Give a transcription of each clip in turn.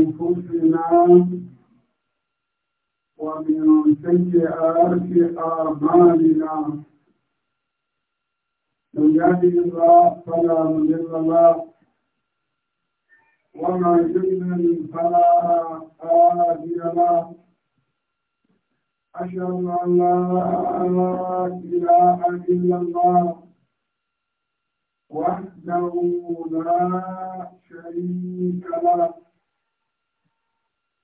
أنفسنا ومن سيئات أعمالنا من يهد الله فلا مضل له ومن يضلل فلا هادي له أشهد أن لا إله إلا الله وحده لا شريك له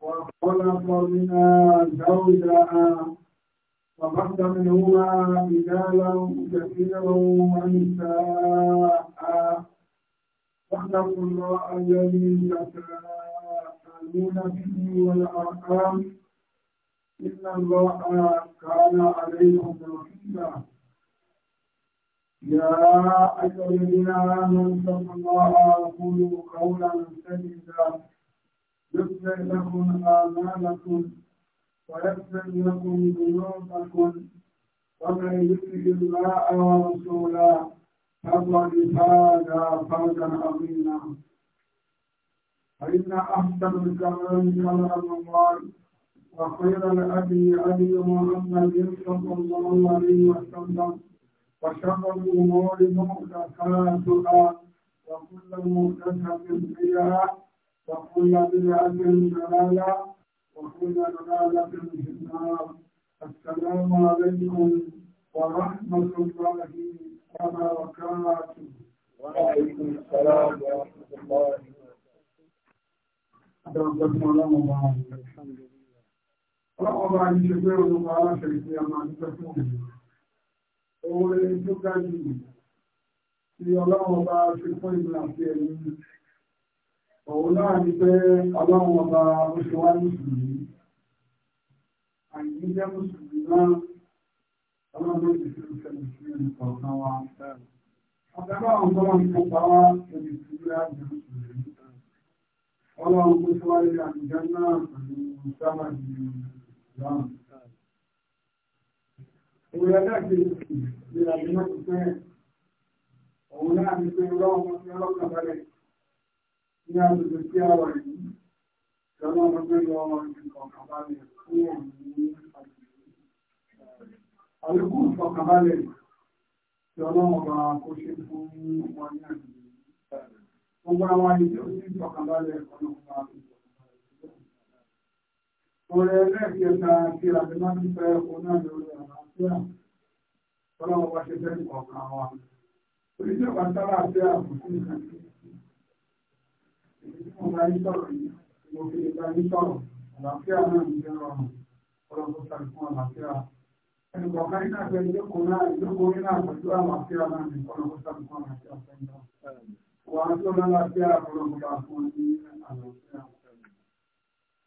وخلق منها زوجها وبعد منهما رجالا كثيرا ونساء واتقوا الله الذي تساءلون به والارحام ان الله كان عليكم رقيبا يا ايها الذين امنوا اتقوا الله وقولوا قولا سديدا يغفر لكم آمالكم ويغفر لكم ذنوبكم ومن يطع الله ورسوله فقد فاز فوزا عظيما فإن أحسن الكلام كلام الله وخير الأبي أبي محمد صلى الله عليه وسلم وشر الأمور مختصاتها وكل محدثة فيها وكل بدعة ضلالة وكل ضلالة في النار السلام عليكم ورحمة الله وبركاته وعليكم السلام ورحمة الله وبركاته الحمد لله ọba ìṣẹ́gbẹ́ olùkọ́ aláṣẹ́rì tí a máa nípa fún òun oore tó gájú tí ọlọ́run ọba ṣe fún ìgbìyànjú ẹni òun náà ni pé ọlọ́run ọba oṣù wá mùsùlùmí àìní jẹ́ mùsùlùmí náà ọlọ́run ti fi ìṣẹ̀lẹ̀ sí ẹnì kọ̀ọ̀kan wa ọ̀dọ́gbà àwọn tọ́lọ́ ń kópa wá ẹni tí ó yá jẹ́ mùsùlùmí ọlọ́run kó tó wáyé àtijọ́ náà pẹ̀lú sábà di ìlànà òun ẹlẹ́gbẹ̀ẹ́ ìlànà ìmọ̀ òun náà ni pé ọlọ́run ọlọ́kàn balẹ̀ ní agbègbè tí a wà yìí ìjọba ọmọdé lọ ìfọ̀kànbalẹ̀ fún òun ní àlùkù ìfọ̀kànbalẹ̀ tí ọlọ́mọba kò ṣe fún wọn ní àgbègbè gbogbo àwọn àyíké ó sì ìfọ̀kànbalẹ̀ ọlọ́mọba Ọ̀rẹ́ ẹlẹ́ẹ̀kẹta tí àbímá ń fẹ́ oná lórí àlàáfíà, ọlọ́mọba ṣe fẹ́ ìkọ̀ọ̀kan wa. Oníṣẹ́ ìpàtàlà àti àbùkù ìkàtí mo bá yí sọ̀rọ̀ yìí mo fi ìgbà yí sọ̀rọ̀ àlàáfíà náà ń jẹ́ rọrùn ọlọ́pọ̀ sàrì fún àlàáfíà ẹnu kọ̀ọ̀kan ní àgbẹ̀ ìjókòó náà ìjókòó ní àpẹjú àlàáfíà náà ní ọlọ́pọ̀ sàrì fún àlàáfíà sẹ́ńdọ̀ wà á tó lálàáfíà ọlọ́pọ̀ sàrì fún ní àlàáfíà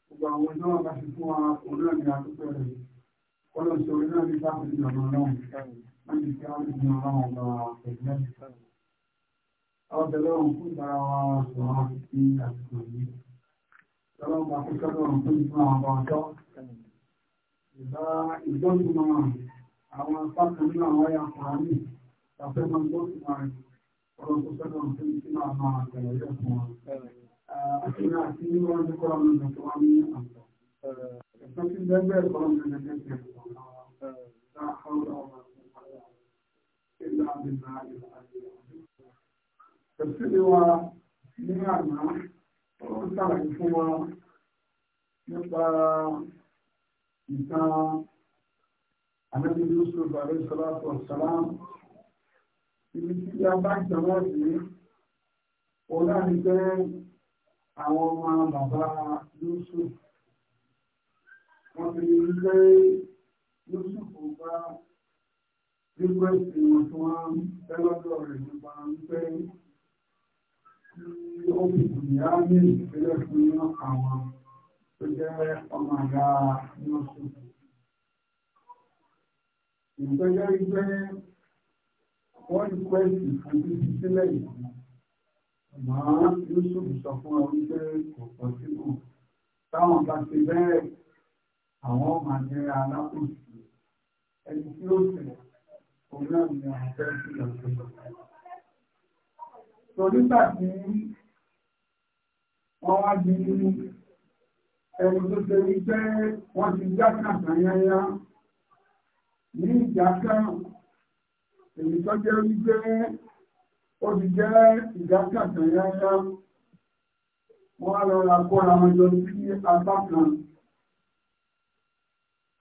gbogbo àwọn ìjọ wa bá ti fún wa òun náà ní àtúpẹ̀ rẹ̀ ọlọ́sọ̀rọ̀ náà ní sáfì ìjọba náà wọ́n ti fi àwọn ìjọba náà wọ́n bá ẹgbẹ́ ọ̀bẹ̀lọ́run fún ìdára wa sọ̀rọ̀ sí àsìkò yìí lọ́lọ́run bá fún sọ́dọ̀run fún ìfún àwọn ọba ọjọ́ ìbá ìgbọ́nùmọ̀ àwọn sákùn nínú àwọn ọ̀yà kùránì tàfẹ́ mọ́ ìgbọ́nùmọ̀ rẹ̀ ọ̀rọ̀ fún sọ́dọ̀run fún ìfún àwọn àgbẹ̀rẹ̀ yóò fún wọn. àti náà sí ní wọn ní kọ́ra mi lọ tó wá ní àǹtọ̀ ẹ̀sọ́ tí bẹ́ẹ̀ kọ́ra mi lọ jẹ́ إلا بالله العلي العظيم tẹ̀sílẹ̀ wa ní àná ó ń sàlàyé fún wa nípa ìtàn ànábì Yusuf alayhi salatu wa salam ibi tí a bá jọ̀wọ́ sí ọlọ́run jẹ́ àwọn ọmọ bàbá Yusuf wọ́n fi lé Yusuf bá rígbẹ́sì wọn tí wọ́n tẹ́lọ́dọ̀ rẹ̀ nípa ń pẹ́ tí ó fi ìyá ní ìpínlẹ̀ fún àwọn tó jẹ́ ọmọ àga nọ́ọ̀sì. Ìgbẹ́jọ́ ìgbẹ́ wọ́n ti pẹ́ sí fún títí sílẹ̀ ìgbìmọ̀. Màá Yusuf sọ fún ọ wípé kò pọ̀ síbò. Táwọn bá ti bẹ́ẹ̀, àwọn máa jẹ́ alákòóso. Ẹni tí ó ṣẹlẹ̀, òun náà ni àwọn fẹ́ sí ìlọsọ̀tọ̀ torí tàbí wọ́n wá di ẹni tó ṣe rí pé wọ́n ti jákà tàyányá ní ìjákà èyí tó jẹ́ wípé ó ti jẹ́ ìjákà tàyányá wọ́n wá lọ ra kóra wọn jọ sí apá kan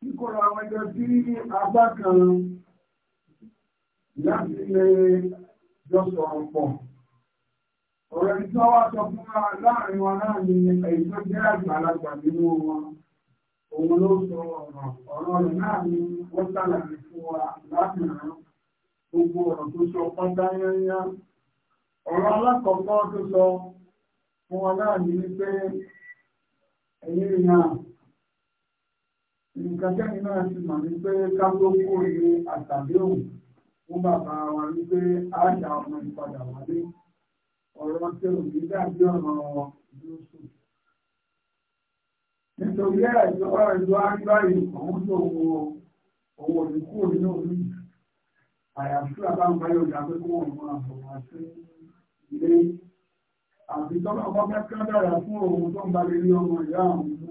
kíkóra wọn jọ sí apá láti lè jọ sọ̀rọ̀ pọ̀ ọ̀rọ̀ tí wọ́n wá sọ fún wa láàrin wa náà ni èyí tó jẹ́ àgbàlagbà nínú wọn òun ló sọ ọ̀rọ̀ ọ̀rọ̀ rẹ̀ náà ni wọ́n ṣàlàyé fún wa láti ràn gbogbo ọ̀rọ̀ tó sọ pátá yányá ọ̀rọ̀ alákọ̀ọ́kọ́ tó sọ fún wa náà ni wípé ẹ̀yìn ìyàn nǹkan tẹ́ni náà ti mọ̀ ní pé ká tó kó ìwé àtàbí òun fún bàbá wa wípé á dà ọmọ ìpadà wálé ọ̀rọ̀ tí ò ní agbáyé òun tó wo owó ìdíkù nínú orí. Àyàfi àbámbáyé ọjà pé kó wọ́n máa bọ̀ wá sí ilé. Àbí tọ́lá ọkọ̀ kẹ́kẹ́ dára fún òun tó ń bá lé ní ọmọ ìyá àwọn mú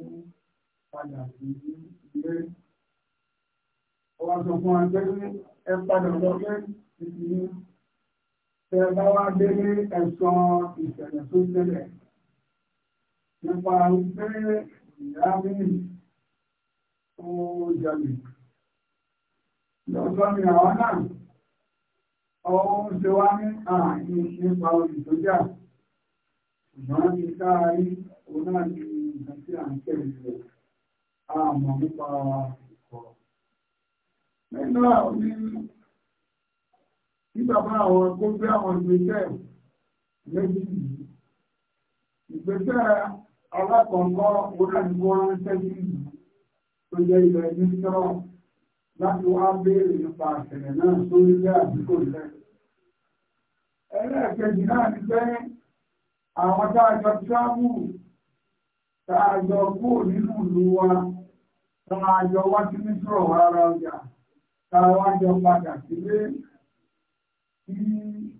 padà sí ilé. Ọwọ́ sọ fún wa ẹ padà lọ pé ìsinmi tẹ bá wá dé ní ẹ̀sọ́ ìṣẹ̀lẹ̀ tó ṣẹlẹ̀ nípa pé ìyá mi ó jalè lọ́sọ́ ni àwọn náà ọ̀hún ṣe wá ní ààyè nípa olùtọ́jà ṣùgbọ́n ní káàárí òun náà ní nǹkan tí à ń tẹ̀lé rẹ̀ àmọ́ nípa ìkọ̀rọ̀. nínú àwọn nígbàbá àwọn kó gbé àwọn ìgbésẹ̀ méjì yìí ìgbésẹ̀ alákọ̀ọ́kọ́ onígbò ránṣẹ́ sí ìlú tó jẹ́ ilẹ̀ nítorọ̀ láti wá béèrè nípa àṣẹ̀rẹ̀ náà sórí ilé àdúgbò rẹ̀ ẹlẹ́ẹ̀kejì náà ti pé àwọn táàjọ tíráàmù táàjọ kó nínú ìlú wa táàjọ wá sí nítorọ̀ rárá ọjà táàjọ padà sílé tí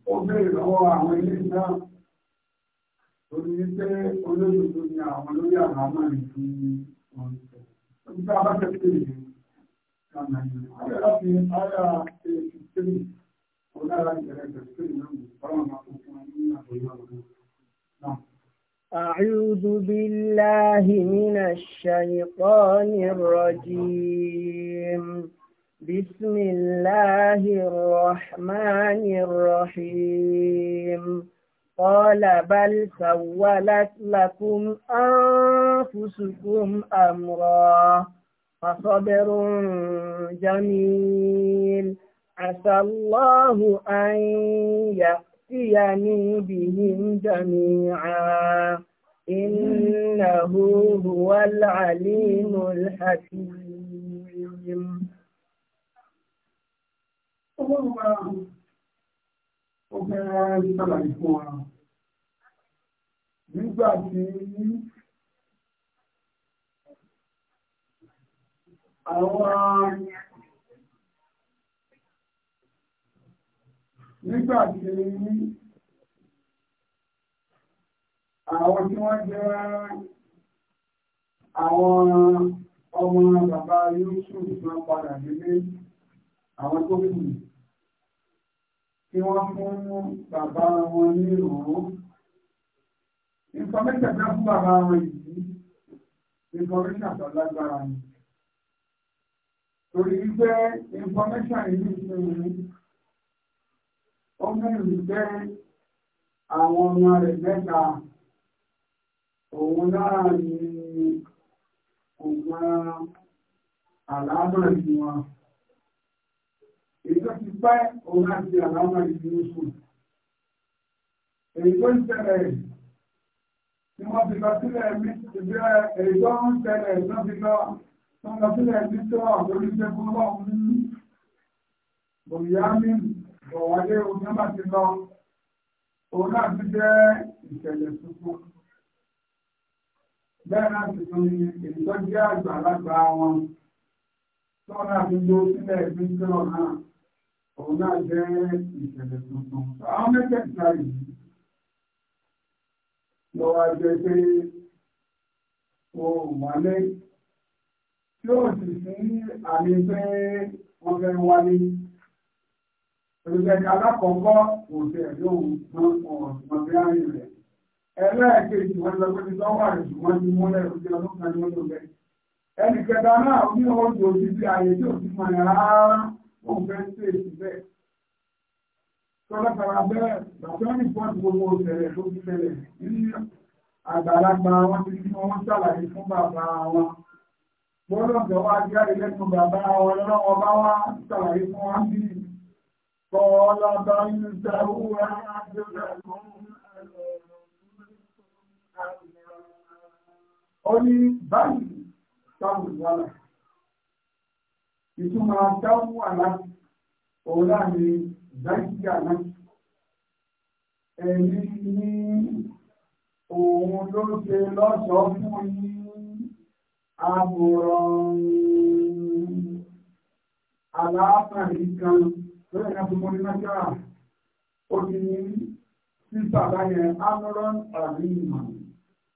ó bèèrè lọ́wọ́ àwọn ilé náà torí wípé olóṣèlú ni àwọn lórí àwọn amáyé tí wọ́n ń sọ. Nígbà bá tẹ̀ pé èdè kàmà yìí, ayọ̀ láti ayà èsì tẹ́lẹ̀ ọ̀dára ìbẹ̀rẹ̀ tẹ̀ tẹ́lẹ̀ náà fọ́nà máa fún wọn ní àbòyá ọdún náà. أعوذ بالله من الشيطان الرجيم بسم الله الرحمن الرحيم قال بل سولت لكم أنفسكم أمرا فصبر جميل عسى الله أن يأتيني بهم جميعا إنه هو العليم الحكيم ọlọ́run máa ọgbẹ́ ṣàlàyé fún wa nígbà tí àwọn nígbà tí àwọn tí wọ́n jẹ́ àwọn ọmọ bàbá yóò ṣùgbọ́n padà nílé àwọn tó kù tí wọ́n fún bàbá wọn ní ìrọ̀rùn. Information náà fún bàbá wọn yìí, information tó lágbára ni. Torí wípé information yìí ṣe ní ó mẹ́rin wípé àwọn ọmọ rẹ̀ mẹ́ta òun náà ni òun àlámọ̀ ìwọ̀n èyí tó ti pẹ́ òun láti àlámà ìlú oṣù èyí tó ń tẹ̀lẹ̀ tí wọ́n fi lọ sílẹ̀ ìbílẹ̀ no tó ń tẹ̀lẹ̀ tó fi lọ tó ń lọ sílẹ̀ ní tó àforíṣẹ́ fún ọlọ́run ní bòyámì bọ̀wálé omi ọba ti lọ òun láti jẹ́ ìṣẹ̀lẹ̀ tuntun bẹ́ẹ̀ láti tún ní èyí tó jẹ́ àgbàlagbà wọn tó náà fi lọ sílẹ̀ ní náà òun náà jẹ́ ìṣẹ̀lẹ̀ tuntun àwọn mẹ́tẹ̀ẹ̀ta yìí lọ wá jẹ́ pé ohun wálé tí ó sì sí àmì pé wọ́n fẹ́ wálé olùgbẹ̀ka alákọ̀ọ́kọ́ kò sí ẹ̀dọ́ ọ̀sán bí á rìn rẹ̀ ẹlẹ́ẹ̀kejì wọn lọ pé ti lọ́wọ́ àrùn wọn ti múlẹ̀ ojú ọdún kan ní lò bẹ́ẹ̀ ẹnì náà ní oúnjẹ òjì bí ayé tí ò sí mọ̀ rárá wọ́n fẹ́ ṣe èsì bẹ́ẹ̀. bẹ́ẹ̀ bàtí wọ́n ní pọ́ǹtì gbogbo òṣèlè tó ti ṣẹlẹ̀ ní àgbàlagbà wọn ti fi wọn ṣàlàyé fún bàbá wọn. Bọ́lá ọ̀dọ́ wa jáde lẹ́nu bàbá wọn lọ́wọ́ bá wá ṣàlàyé fún wọn bí Kọ́lá bá ń darú Ó ní báyìí sáwọn ìwálà ìtumọ̀ dáwọ́ àlá òun ni dájú àlá ẹ̀mí ní òun ló ṣe lọ́ṣọ́ fún yín àbòrán aláàbàrí kan lórí ẹ̀ka tó mọ́ni lágbára ó ti ní sísà báyẹn amúrán àríyìn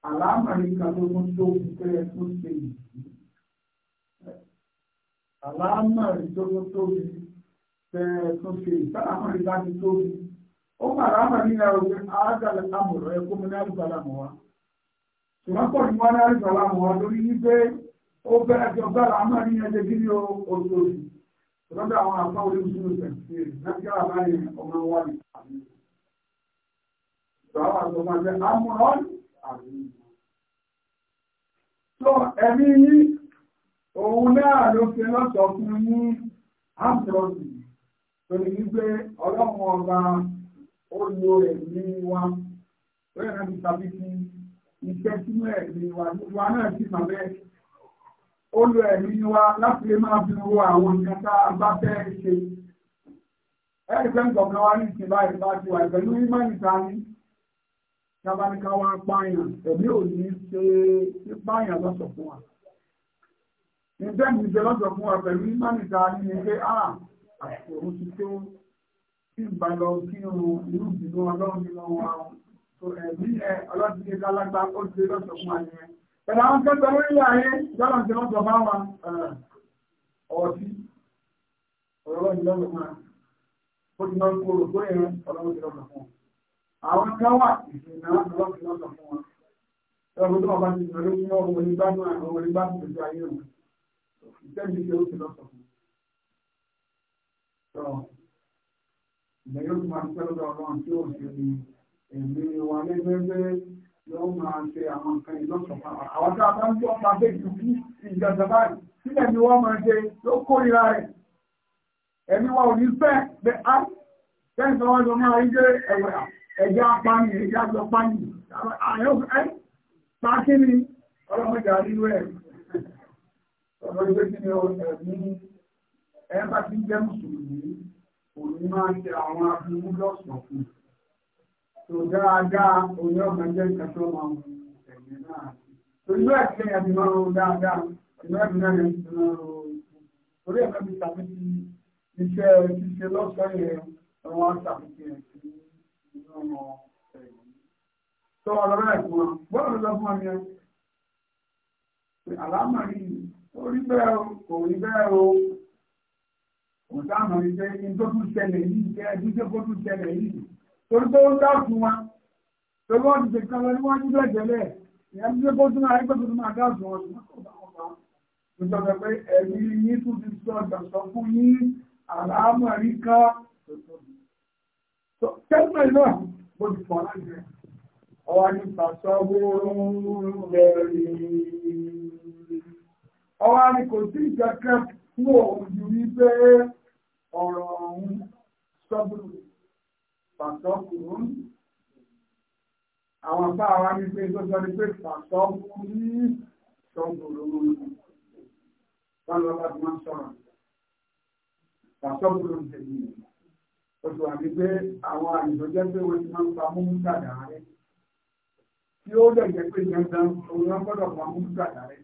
àlámàrí kan tó tó tó kẹ́ tó ṣe yìí àlámọ̀rí tó ló tóbi tẹ́ẹ̀ tó ṣe ìsálámọ̀rí láti tóbi ó mà láàmà ní ìlà òfin àádọ́lẹ̀ àmọ̀rọ̀ ẹ̀kọ́ mi ní àlùbálámọ̀ wa ṣùgbọ́n pọ̀ ní wọ́n ní àlùbálámọ̀ wa lórí wípé ó bẹ̀rẹ̀ tí ọgbà àlámọ̀rí yẹn ṣe kí ní oṣooṣù lọ́dọ̀ àwọn àpá oríṣiríṣi tẹ̀síì lẹ́gbẹ́ àbáyé ọmọ wa àmì tó máa jẹ́ òun náà ló fi lọ́sọ̀ fún ní áńtírọ́sì tó ní wípé ọlọ́run ọba ó lo ẹ̀mí wa ó yẹ láti tàbí sí iṣẹ́ sínú ẹ̀mí wa gbogbo náà sì mà bẹ́ẹ̀ ó lo ẹ̀mí wa láti lè máa fi wo àwọn nǹkan tá a bá fẹ́ ṣe ẹ̀rí pé nǹkan kan wá ní ìsìn báyìí bá ti wà pẹ̀lú mímọ́nìta ní tábánikà wá pààyàn ẹ̀mí ò ní ṣe pípààyàn lọ́sọ̀ fún wa. Ìjẹ́ ìjẹ́ lọ́jọ́ fún wa pẹ̀lú ìmánìta ní ilé àà ah, àti òun ti tó kí n bá lọ kí oòrùn irú ìdìbò ọlọ́run nínú wa tó ẹ̀mí ẹ ọlọ́dún ilé alágbá ó ti lọ́jọ́ fún wa nìyẹn. Pẹ̀lú àwọn kẹ́kọ̀ọ́ lórí ayé eh, yálà Ìtẹ́jú ṣe ó ti lọ sọ̀kùn. Sọ ìgbà yóò máa ń tẹ́lọ́dọ̀ ọlọ́run tí ó ṣe ní ẹ̀mí wa lẹ́gbẹ́gbẹ́ yóò máa ṣe àwọn nǹkan ìlọ́sọ̀kan. Àwọn tí a bá ń tó ọ̀pá bẹ́ẹ̀ ju kí ìjọba báyìí sílẹ̀ ni wọ́n máa ṣe ló kórìíra rẹ̀. Ẹ̀mí wa ò ní fẹ́ pé á tẹ́sán wọn lọ máa ń gbé ẹ̀wẹ̀ ẹ̀já apáyìn ẹ̀já lọ páyìn. Àyọ̀ ẹ́ pàkí ni ọlọ́mọdé àdínú ẹ̀ ọ̀rọ̀ ìwé kí ni ẹ̀mí ẹ̀bá tí jẹ́ mùsùlùmí òní máa ń ṣe àwọn abúlé lọ́sàn fún tó dáadáa oní ọmọ ẹgbẹ́ nǹkan tó máa ń mú ẹ̀mí náà torí bẹ́ẹ̀ kí ẹ̀yà ti máa ń ro dáadáa ìlú ẹ̀mí náà yẹn ti máa ń ro torí ẹ̀ka ti ṣàfihàn iṣẹ́ ṣíṣe lọ́sàn yẹn ọmọ ṣàfihàn ẹ̀ sí ọmọ ẹ̀mí tó ọlọ́rọ̀ ẹ̀kọ́ bọ́ọ̀lù lọ́gbọ́n yẹn àlámà orí bẹ́ẹ̀ o kò rí bẹ́ẹ̀ o kò sáàmù ní pé ní tó tún ṣẹlẹ̀ yìí jẹ́ ẹbí tó kó tún ṣẹlẹ̀ yìí torí tó ń dá òtún wa tó bọ́ ti ṣèkan lọ níwájú bẹ́ẹ̀ tẹ́lẹ̀ ìyá tó kó tún àárín pẹ̀lú máa dá òtún wọn tó sọ pé ẹ̀mí yín tún ti sọ ìgbàsọ fún yín àlàámọ̀ rí ká tẹ́lẹ̀ náà bó ti pọ̀ láti rẹ̀ ọwọ́ nípa sọ́wọ́ rẹ̀ rí ọwọ́ ni kò sí ìkẹ́kẹ́ fún òun ju wípé ọ̀rọ̀ ọ̀hún sọ́gbùrù pàtọ́kùrún àwọn apá àwọn wípé tó sọ ni pé pàtọ́kùrún sọ́gbùrù wọn lọ láti máa sọ̀rọ̀ pàtọ́kùrún tẹ̀lé oṣù àti pé àwọn àìsọjẹ́ pé wọ́n ti máa ń pa mú dàdà rẹ̀ tí ó dẹ̀ jẹ́ pé yẹn gan òun náà gbọ́dọ̀ pa mú dàdà rẹ̀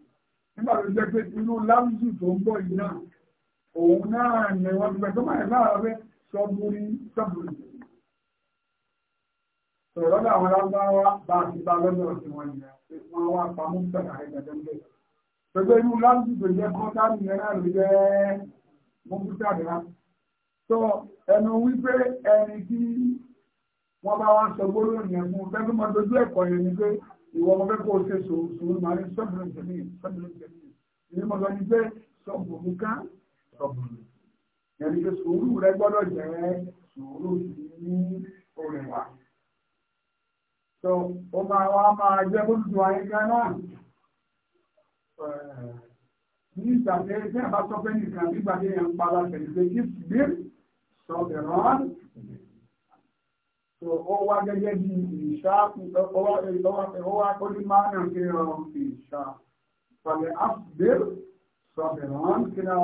nígbà tó jẹ́ pé inú láwùjù tó ń bọ̀ yìí náà òun náà ni wọ́n ti gbẹ̀tọ́ máa láàárọ̀ pé sọ́bùrì sọ́bùrì. sọ̀rọ̀ lọ́dọ̀ àwọn alágbáwá bá a ti bá lọ́dọ̀ sí wọn yìí wọ́n wá pamọ́ sọ̀rọ̀ àìgbẹ̀dẹ̀ ńlẹ̀. pẹ̀lú inú láwùjù tó jẹ́ kọ́ńtà nìyẹn náà ló jẹ́ mọ́kútà dìrá. sọ ẹnu wípé ẹni tí wọ́n bá wá sọ gbólóhùn yẹn fún fẹ́ ìwọ ọmọ fẹ́ kó o ṣe sòrò máa rí sọ́bùrù tẹ̀lé sọ́bùrù tẹ̀lé ìní mọ̀ lọ́ni pé sọ́bùrù ká sọ́bùrù ẹni pé sòrò rẹ gbọ́dọ̀ jẹ́ sòrò ní orin wa. tó o máa wá máa jẹ́ bó tu ayé kan náà ní ìgbàgbé tí a bá sọ pé nìkan nígbàgbé yẹn ń pa láti ẹ̀ ó wá gẹ́gẹ́ bí ìṣáàpù ọwá kọ́lí máa nà kí ọ ìṣá pàlẹ̀ àpùdér sọ̀bẹ̀rán kí ra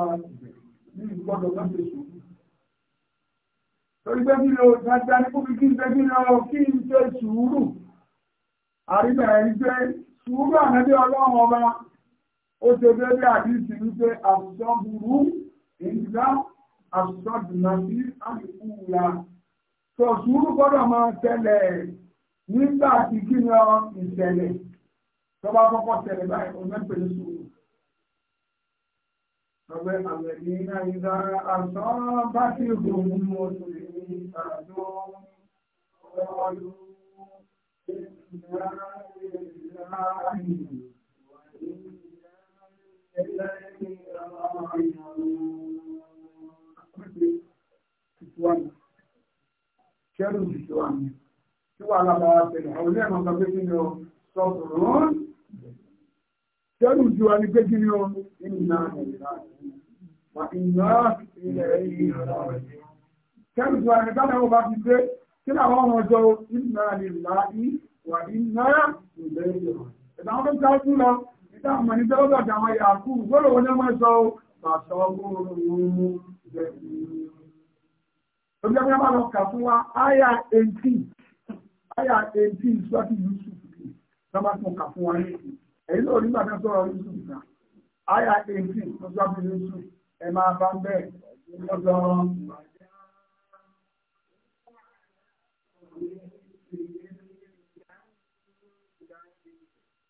ní ìgbọ́dọ̀ láti ṣùgbù torí pé kí ló dájá ní kúbi kí n pé kí lọ kí n ṣe sùúrù àríbẹ̀ ẹ̀rí pé sùúrù ànábí ọlọ́run ọba ó ṣe déédé àdíṣì wípé àṣọ burú ìgbà àṣọ dùnà sí àdìkú la tó sùúrù gbọ́dọ̀ máa tẹ̀lẹ̀ nígbà tí kí ni ọ ìṣẹ̀lẹ̀ tó bá kọ́kọ́ tẹ̀lẹ̀ báyìí ọmọ ẹgbẹ́ ní sùúrù. Ọgbẹ́ àwẹ̀ ní Nàìjíríà àṣọ bá sì gùn mú oṣù ní àdó ọlọ́ọ̀lù ìgbà ìlà àìyí. One kẹrù ìṣó àmì tí wà lábára tẹ̀lé àwọn ilé ẹ̀mọ́ pé kí ni ó sọ̀rọ̀ kẹrù ìṣó àmì pé kí ni ó ìnà wà ìnà ilẹ̀ kẹrù ìṣó àmì bá náà bá ti dé kí ni àwọn ọmọ ọjọ́ ìnà ìlà í wà ìnà ìlẹ̀ ìlẹ̀ ìlà wọn ká fún lọ ìdá àmọ́ ní tẹ́lọ́dọ̀ àti àwọn yàkú gbọ́dọ̀ wọn ní ọmọ ẹ̀sọ́ pàṣọ ọgbọ́n ọ̀rọ̀ ìwọ̀n mú ìjẹ́ ìlú Ọjọ́ bí wọ́n bá lọ kà fún wa, àyà 18, àyà 18 sọ́tì Yusuf kì, wọ́n bá tún kà fún wa ní ìsìn. Èyí ló rí bàtà sọ̀rọ̀ Yusuf kà. Àyà 18 sọ́tì Yusuf, ẹ máa bá ń bẹ̀ lọ́dọ̀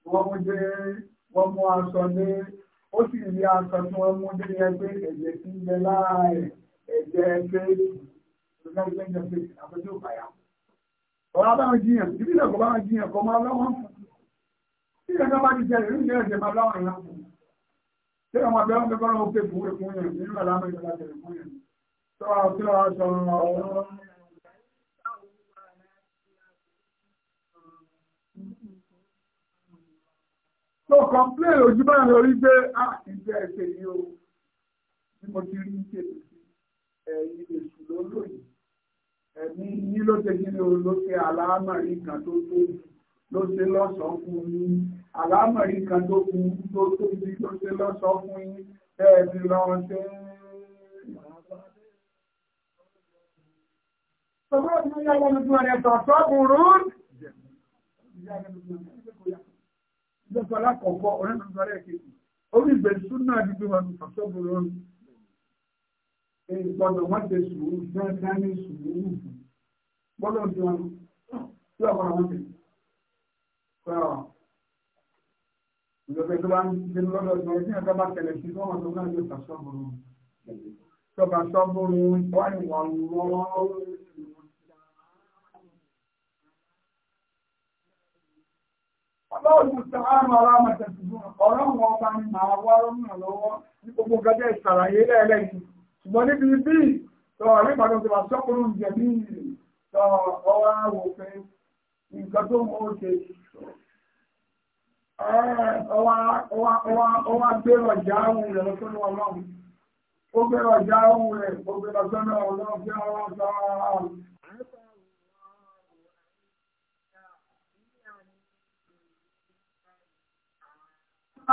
wọ́n mú dé wọ́n mú aṣọ dé ó sì rí aṣọ tí wọ́n mú dé ẹgbẹ́ ẹ̀jẹ̀ tí ń bẹ lára ẹ̀ ẹ̀jẹ̀ kéèkì. Ọ̀rọ̀ bá wọn jiyàn, ìbílẹ̀ kò bá wọn jiyàn kọ máa lọ́wọ́ fún. Tí ẹ̀ka bá ti jẹ́ ìrìn ìjẹ́ ìjẹ́ máa láwọn ìlà fún. Tí ọmọ abẹ́wọ́n fẹ́ kọ́rọ̀ ó pè fún ẹkùn yẹn, nínú àlámọ̀ ìjọba tẹ̀lé fún yẹn. Tọ́wọ́ tí wọ́n sọ ọ̀rọ̀ So complain ojú bá lórí pé a ah, ìjẹ́ ẹ̀ṣẹ̀ yìí o. Bí mo ti rí ìṣèlú sí ẹ̀yìn èṣù lólóyìn ẹ̀mí yí ló ṣe kíni o ló ṣe àlámọ̀rí kan tó tóbi ló ṣe lọ́sọ̀ọ́ fún yín àlámọ̀rí kan tó kú tó tóbi ló ṣe lọ́sọ̀ọ́ fún yín bẹ́ẹ̀ ni lọ́wọ́ ṣe ń Orí ìgbésùn náà dídí wọn sọ̀tọ́ bùrún gbọ́dọ̀ wọ́n ti sùúrù dáadáa ní sùúrù gbọ́dọ̀ bí wọn tí ọ̀pọ̀ àwọn ti kọ́ ìjọba tó bá ń dín lọ́dọ̀ tó ń dín ọ̀gá tẹ̀lé sí fún ọ̀dọ̀ náà yóò tàṣọ bọ̀rọ̀ tọ́ba sọ bọ̀rọ̀ wà ní wà lọ́wọ́. Ọlọ́run ta àrùn ara màtẹ̀sùn ọ̀rọ̀ wọn ọba ni màá wá rọ́mùnà lọ́wọ́ ní gbogbo gẹ́gẹ́ ìsàlàyé lẹ́ẹ̀lẹ́yìn ṣùgbọ́n níbi bí ọ̀rẹ́ ìbàdàn ti wà sọ́kùnrin oúnjẹ ní ọ̀rọ̀ àwòfin nǹkan tó mọ́ ṣe ọwá gbèrò ọjà ohun rẹ̀ lọ sọ́nà ọlọ́run ó gbèrò ọjà ohun rẹ̀ ó gbèrò sọ́nà ọlọ́run fi ọwọ́ sọ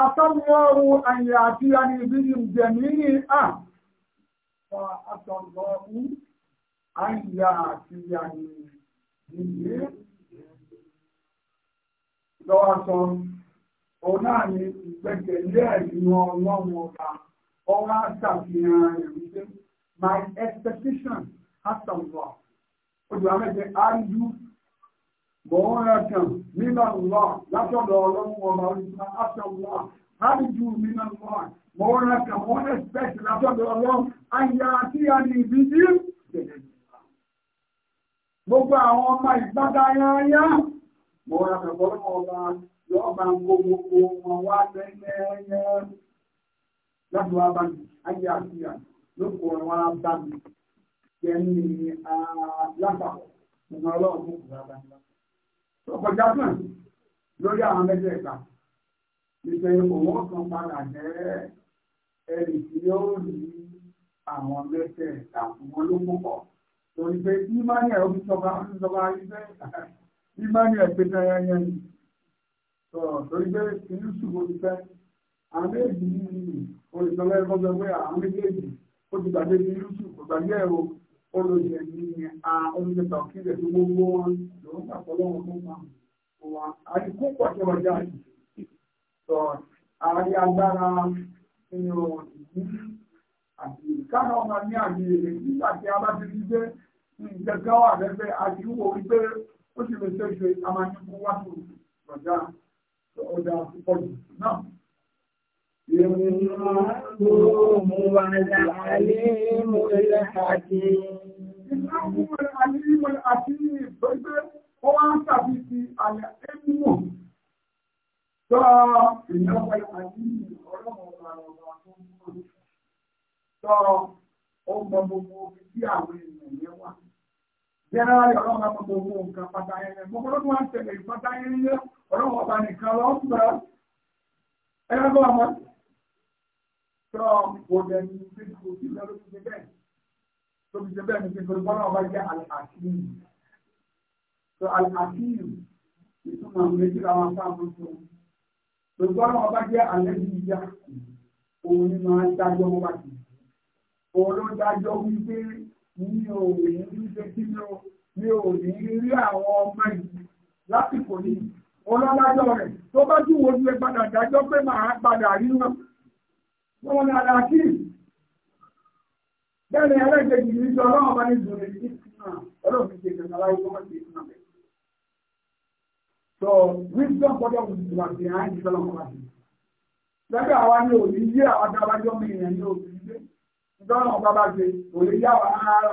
Àtọ́mú ọrùn àyà àti àníbí ìjẹ̀mí ní à àtọ̀lọ́hù àyà àti àyè ìdílé lọ́wọ́ òun náà ni ìgbẹ́kẹ̀lé ẹ̀yìn ọlọ́run ọba ọ̀rá ṣàfihàn rẹ̀ wípé my expectation àtọ̀lọ́ ojú àmẹ́jẹ àyù mọ̀ ń rẹ̀kàn nínú ọ̀lọ́ látọ̀lọ́ ọlọ́run ọba orí àtọ̀lọ́ àyù nínú ọ̀lọ́ mo rẹ̀ kà wọ́n rẹ̀ spẹ́ẹ̀tì látọ̀dọ̀ ọlọ́run ayá tí a ní ibi dí gbogbo àwọn ọmọ ìgbádá ayáyá mo rẹ̀ kà wọ́n ọba yóò máa ń gbogbo wọn wá lẹ́yẹ́yẹ́ láti wá bá mi ayá tí a lóko ọ̀rọ̀ wá bá mi kẹ́ni látàkọ̀ ìmọ̀ ọlọ́run mú kùrọ̀ bá mi lọ́kọjá náà ẹnì tí yóò rí àwọn mẹ́tẹ̀ẹ̀ta wọn ló kó pọ̀ torí pé ìmánì ẹ̀ òbí sọba ń sọba ibẹ̀ ìmánì ẹ̀ pé dáyà yẹn ni torí pé ìlú ṣùgbọ́n ti fẹ́ àwọn méjì yìí olùsọ̀lá ẹ̀kọ́ sọ pé àwọn méjèèjì ó ti gbàgbé ní ìlú ṣùgbọ́n gbàgbé ẹ̀rọ olóyè ní a oúnjẹ tàbí rẹ̀ tó gbogbo wọn lòún gbàgbọ́ lọ́wọ́ tó máa wà á ti kó pọ̀ tó wọjá yìí sọ àárí agbára èèyàn ò ní àti káná ọmọ ní àmì èrè nígbà tí a bá ti rí pé nǹkan wà lẹ́gbẹ̀ẹ́ àti wò ó pé ó sì lè ṣe a máa ní kó wá ọjà ọjà púpọ̀ jù náà. Ìrìnàmú wàlá àlímú ilẹ̀ àti. Ìrìnàmú wàlá àlímú àti ìgbẹ́gbẹ́ ó wá ń tàbí ti àlẹ́ ẹ̀mú. Sọ ìyàwó àlímú ọlọ́run sọ ó mọ gbogbo ibi tí àwọn èèyàn yẹn wà. Jẹ́nẹ́rálì ọlọ́run náà gbogbo owó nǹkan pátá yẹn yẹn. Gbogbo ló máa ń tẹ̀lé ìpátá yẹn yẹn ọlọ́run ọba nìkan lọ ń gbà. Ẹ yọ bọ́ ọmọ. Sọ kò dẹ̀ ní ibi kò sí lọ lóbi ṣe bẹ́ẹ̀. Lóbi ṣe bẹ́ẹ̀ ni pé gbogbo ọlọ́run ọba jẹ́ àlàkìyù. Sọ àlàkìyù ìtumọ̀ méjì làwọn afáàmù sọ. Gbogbo ọba jẹ́ àlẹ́ yìí yá. Òun ni máa dájọ́ wájú olódájọ́ wípé mi ò wípé kí ni o mi ò rí àwọn ọmọ yìí lásìkò yìí olódájọ́ rẹ̀ tó bá tún wo ilé padà dájọ́ pé màá padà rí wọn. wọn ní aláàkì bẹ́ẹ̀ ẹlẹ́gbẹ̀ẹ́ yìí sọ ọlọ́run bá ní zòlè ní ìsìnkú ọlọ́run ti ṣe ìgbàgbọ́ láyé tó má ṣe ìsìnkú náà. So wisdom gbọ́dọ̀ wà behind ìfẹ́lọ́mọ́ wa. Lẹ́gbẹ̀ẹ́ àwa ni òní yé àwọn adáwájọ́ mi ìrìn ní òní yé lọ́nà ọba bá ṣe kò lè yá wa rárá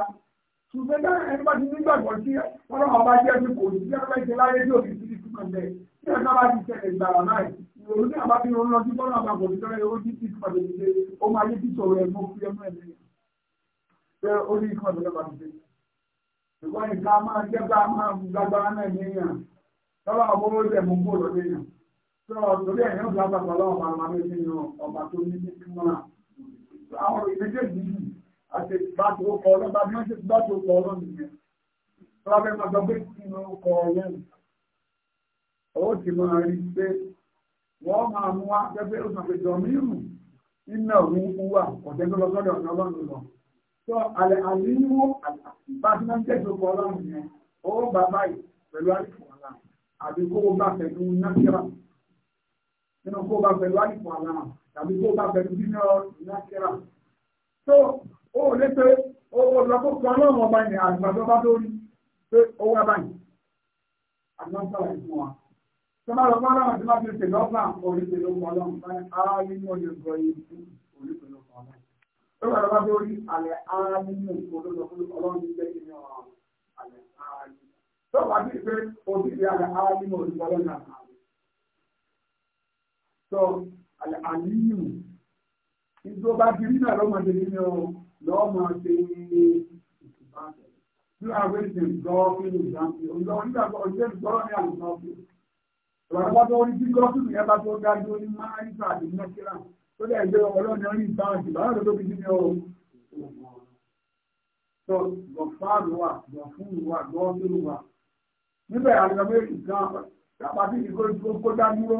ṣùgbọ́n náà ẹni bá ti nígbàgbọ́ sí ọlọ́run ọba jẹ́ pé kò sí ẹgbẹ́ ìṣe láyé tí òbí sí ìtú kan bẹ́ẹ̀ tí ẹ̀ka bá ti ṣẹlẹ̀ ìgbàlá náà ìròyìn náà bá fi ronú lọ sí bọ́lá ọba kò ní sọ́rọ́ ẹ̀rọ tí ti pàdé ṣe ó máa yé títọ̀ rẹ̀ mọ́ fi ẹmú ẹ̀mí ṣe ó ní máa jẹ́ bá máa èèyàn lọ́wọ́ tó torí ẹ̀yàn gbàgbà pọ̀ lọ́wọ́ àwọn ìrìnàjèjì yìí àti ìbájú ọkọ̀ ọlọ́gbà bí wọ́n ṣe ti bájú ọkọ̀ ọlọ́run yẹn lábẹ́ máa gbọ́ pé kí ni ọkọ̀ ọlọ́run ó ti máa rí pé wọ́n máa mú wá pẹ́pẹ́ ó sàn pé jọmírù iná òun kú wà ọ̀jẹ́ tó lọ sọ́dọ̀ ọ̀nà ọlọ́run lọ tó àlẹ́ àlínú bá ti máa ń tẹ̀sí ọkọ̀ ọlọ́run yẹn ó bá báyìí pẹ̀lú àlìkò àlà àbí kó bá tàbí tó bá bẹ̀rù nínú ìlàkẹ́rà. tó o lè pe owó lọ́kọ̀ọ́kọ́ ọlọ́run ọba ni àgbàdo bá lórí pé owó abáyé àgbàǹsàlà ìfún wa. sọ́mọ́ lọ́kọ́ ọlọ́run àti máa fi ṣe lọ́gbà oríṣi lóko ọlọ́run bá áálí mọ́ ní ọjọ́ ìlú oríṣi lóko ọlọ́run. tó bá lọ́kọ́ lórí àlẹ́ áálí mọ́ ìfowópamọ́ ọlọ́run ní àníyù ìjọ bá ti rí náà lọ́mọdé nínú lọ́mọ ṣe ìtìbáṣẹ̀ tí àwọn èèyàn gbọ́ kí ló dá sí ọjọ́ onígbàgbọ́ ọjọ́ ìgbọ́rọ̀ ní àlùfáà fún ìwà tó orí tí gọ́ọ̀sùn yẹn bá tó dájú ní máa ń fà ní mẹ́kíra tó dẹ̀ gbé ọlọ́ni orí ìbáǹkì báwọn tó fi nínú ọ̀rọ̀ tó gọ̀fáàrù wà gọ̀fúrù wà gọ́ọ̀sùn wà níbẹ̀ àlùfáà méjì kan tábà tí ìkó dá dúró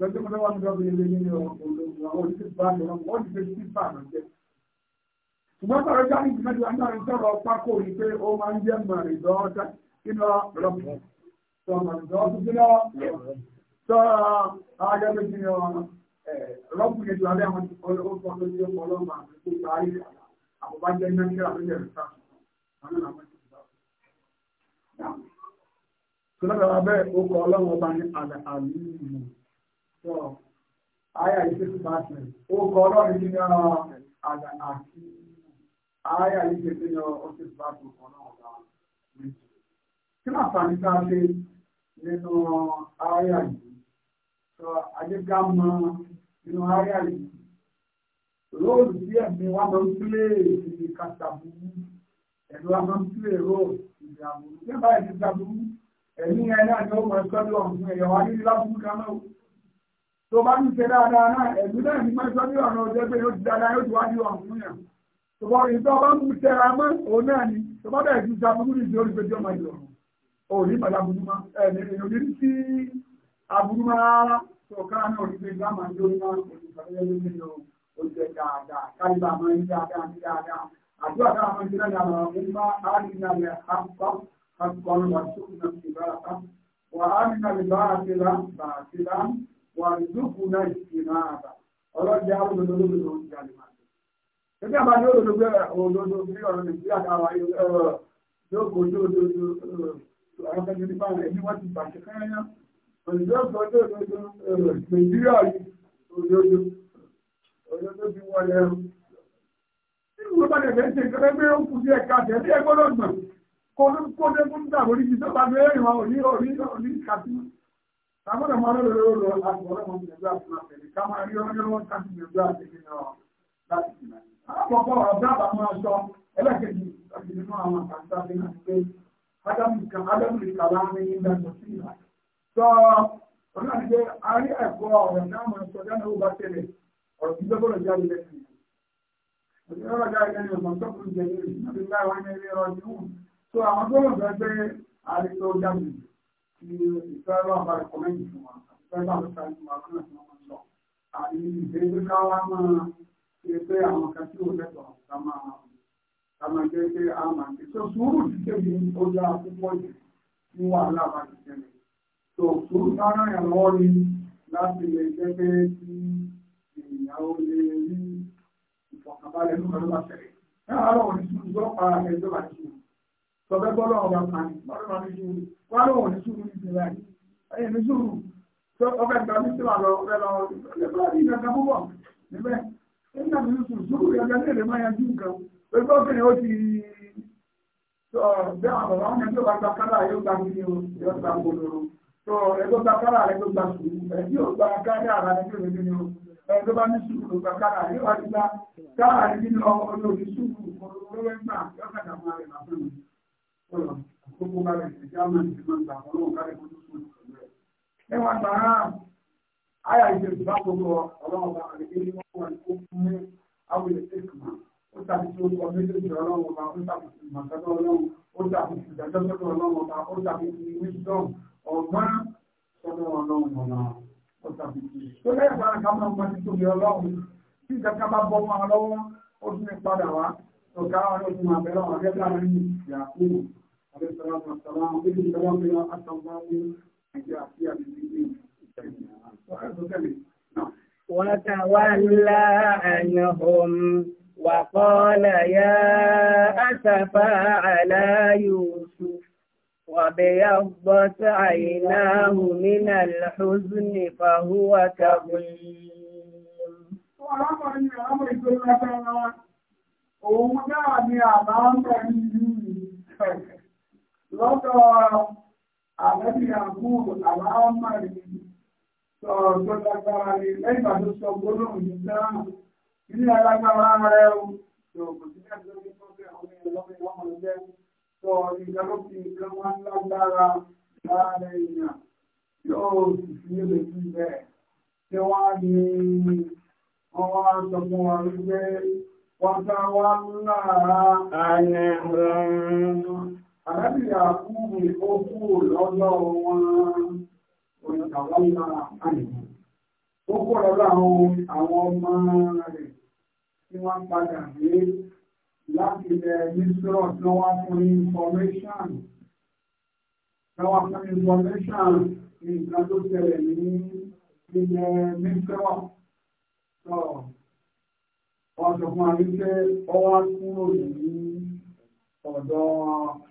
lọ́jọ́ mọ́tò wà nígbà bí ilé yín àwọn oníṣẹ́ bá mi lọ wọ́n ti fi sí bá mi jẹ́. ṣùgbọ́n sọ̀rọ̀ jáde ìdí mẹ́ta náà ń sọ̀rọ̀ pákó yìí pé ó máa ń jẹ́ mọ̀rìndọ́ta iná rọ̀pù sọ mọ̀rìndọ́ta iná sọ ayọ́lẹ́ kí ni rọ̀pù ah, yẹn ti wà lé àwọn orúkọ tó ti pọ̀ lọ́mọ àti tó parí àbúbá jẹ́ iná kí àwọn ilé rẹ̀ sá Sọlá bẹ̀rẹ̀ abẹ́ okọ̀ ọlọ́run ọba ní àlẹ́ àlùmí sọ àyà ìṣètò bàtì o kọ ọlọ́run nínú àgbà àti àyà ìṣètò yọ ọṣẹ bàtì ọlọ́run ọ̀gá méjì. kí ni àǹfààní tá a ṣe nínú àyà yìí sọ àdéká mọ nínú àyà yìí róòlù tí ẹ̀mí wa máa ń pílé ìdí kàtàbù ẹ̀mí wa máa ń pílé róòlù ìdí àbúrú. nígbà ìdí kàtàbù ẹ̀mí ẹ̀ náà ni ó mọ ẹ̀kọ́ lọ́wọ́ fún ẹ̀yọ̀ wa nílùú lábúrú kan náà tó bá ní ṣe dáadáa náà ẹ̀mí náà ní mẹ́sọ́ ní ọ̀nà ọjọ́ pé yóò ti dáadáa yóò ti wá ní ọ̀hún fún yàn tó bá rí tó bá mú tẹra mọ́ òun náà ni tó bá bẹ̀rẹ̀ ju sàbúrú ní ìjọ olùgbèjọ́ máa yọ ọ̀hún òní padà burú má ẹ̀mí òní ní sí aburú má rárá tó kára náà òní gbàmà ní orí náà òní ìfàlẹ́yẹ ló nílò oúnjẹ dáadáa kálíbà wàrùdùkù náà ìsì máa bà ọlọ́jà olódodo ló ń jalè máa dé. Ṣébí àbá ní olódodo olódodo ní ọ̀rọ̀ Nàìjíríà káwa yóò kojú olódodo àwọn ẹni nípa rẹ̀ ní wọ́n ti bàṣẹ kẹ́yẹ́ Òyìnbó kojú olódodo Nàìjíríà yìí olódodo olódodo ti wọlé ẹrú. Nínú ló bá lè fẹ́ ṣe kẹ́kẹ́ pé ó kù sí ẹ̀ka tẹ̀lé ẹgbọ́dọ̀ gbọ̀n kó ló kó dé fún dàbórí ti tó bá gbé ìwọ̀n òní òní òní kàtí. Tábọ̀dọ̀ máa lọ́dọ̀ lọ́wọ́ lọ láti wọ́n lọ́wọ́ ìgbẹ́jọ́ àti máa tẹ̀lé ká máa rí ọjọ́ lọ́wọ́ ká sí ìgbẹ́jọ́ àti kí lọ láti ìgbà. Àkọ́kọ́ ọ̀dọ́ àbá máa sọ ẹlẹ́kẹ̀jì láti nínú àwọn àkàtà bí náà pé Ádámù kan Ádámù lè kàlá ní ìdájọ́ sí ìlà. Sọ ọ̀nà àti pé a rí ẹ̀kọ́ ọ̀rọ̀ náà máa sọ dáná ó bá tẹ̀lé ọ̀rọ̀ tí gbẹ́gbọ́dọ̀ jáde lẹ́sìn. Òṣèlú ọ̀rọ̀ jáde lẹ́nu ọ̀sán tó kún jẹ́ lórí. Àbí láwọn ẹni rọ̀ ní òun. Sọ àwọn tó lọ sọ pé àrísọ jáde ni ìfẹ́ lọ́wọ́ bá rẹ̀ kọ́mẹ́ntì fún wa ìfẹ́ lọ́wọ́ bá rẹ̀ fún wa fún ẹ̀sìn ọmọ sọ àti ìgbésí káwá máa ṣe pé àwọn kan tí ò lẹ́tọ̀ọ́ ká máa ká máa jẹ́ pé a máa ṣe tó sùúrù títẹ̀ ní ojú àkókò yìí ní wàhálà bá ti tẹ̀lẹ̀ tó sùúrù sára yẹn tọ́fẹ́ gbọ́dọ̀ ọba pani bọ́dọ̀ máa ní sùúrù wọ́n lóun ní sùúrù ní ìsinmi rẹ̀ ẹ̀yìn ní sùúrù tó ọbẹ̀ gba ní sílà lọ ọbẹ̀ lọ ọbẹ̀ ní ìgbà púpọ̀ níbẹ̀ nígbà tí sùn sùúrù rẹ̀ gẹ́gẹ́ lè máa yanjú nǹkan pẹ̀lú ọ̀gbìn ó ti sọ bí àwọn bàbá wọn ní ọba gbàkárà yóò gba kí ni o yóò gba kòlòrò tó ẹgbẹ́ gbàkárà rẹ̀ ló gba sùúrù ẹ̀ yóò gba kárà rẹ̀ ló gba kí ẹ̀ẹ́dọ́ bá ní sùúrù yóò wá nínú ọmọ olóòrí sùúrù olówó ẹgbà yọ́kàdà àkókò kálẹ̀ ìjàmà ìjọba ìgbà ọlọ́run kálẹ̀ kó tó sùn ìṣẹ̀lẹ̀ rẹ̀. níwọ̀n àgbà náà àyà ìṣe ìgbà gbogbo ọlọ́run bá àgbègbè ní wọ́n wà ní kó fún ní awùlé tẹ́kùmá ó tàbí tí ó kọ méjèèjì ọlọ́run ọba ó tàbí tí màtọ́tọ́ ọlọ́run ó tàbí tí ìdájọ́tọ́tọ́ ọlọ́run ọba ó tàbí tí wisdom ọgbọ́n sọ́dọ̀ ọlọ́run ọba ó tàbí tí. tó lẹ́yìn fún akáwọn ọmọ ti tóbi ọlọ́run tí ìjọba bá bọ́ fún ọ lọ́wọ́ ó tún ní padà wá tòkà ọlọ́run ọbẹ̀ lọ́wọ́ ọ̀gẹ́gbà lórí ìyàkúrò عليه الصلاة والسلام وتولى عنهم وقال يا أسفى على يوسف وبيضت عيناه من الحزن فهو كظيم òun náà ni àbá ń bẹ̀rẹ̀ yìí lọ́dọ̀ àbẹ́bí àbúrò àwọn ọmọ rẹ̀ sọ̀rọ̀ tó lágbára rẹ̀ lẹ́yìn ìgbà tó sọ gbólóhùn yìí náà ilé alágbára rẹ̀ o tó kò sí ẹ̀ lórí fọ́fẹ́ àwọn ẹlọ́fẹ́ lọ́mọ jẹ́ sọ ìdálókè nǹkan wá lágbára lára èèyàn ní wọ́n Àdábìyà fún ìkó kú lọ́jọ́ wọn oníkàwọ́nà àìmọ̀. Ó kó lọ́lọ́ àwọn ọmọ rẹ̀ tí wọ́n padà dé láti ilẹ̀ Mísírọ̀ tí wọ́n fún ní information. Tí wọ́n fún ní information ní nǹkan tó tẹ̀lé ní ilẹ̀ Mísírọ̀. Wọ́n sọ fún wa wípé ọwọ́ kúrò ní ọ̀dọ̀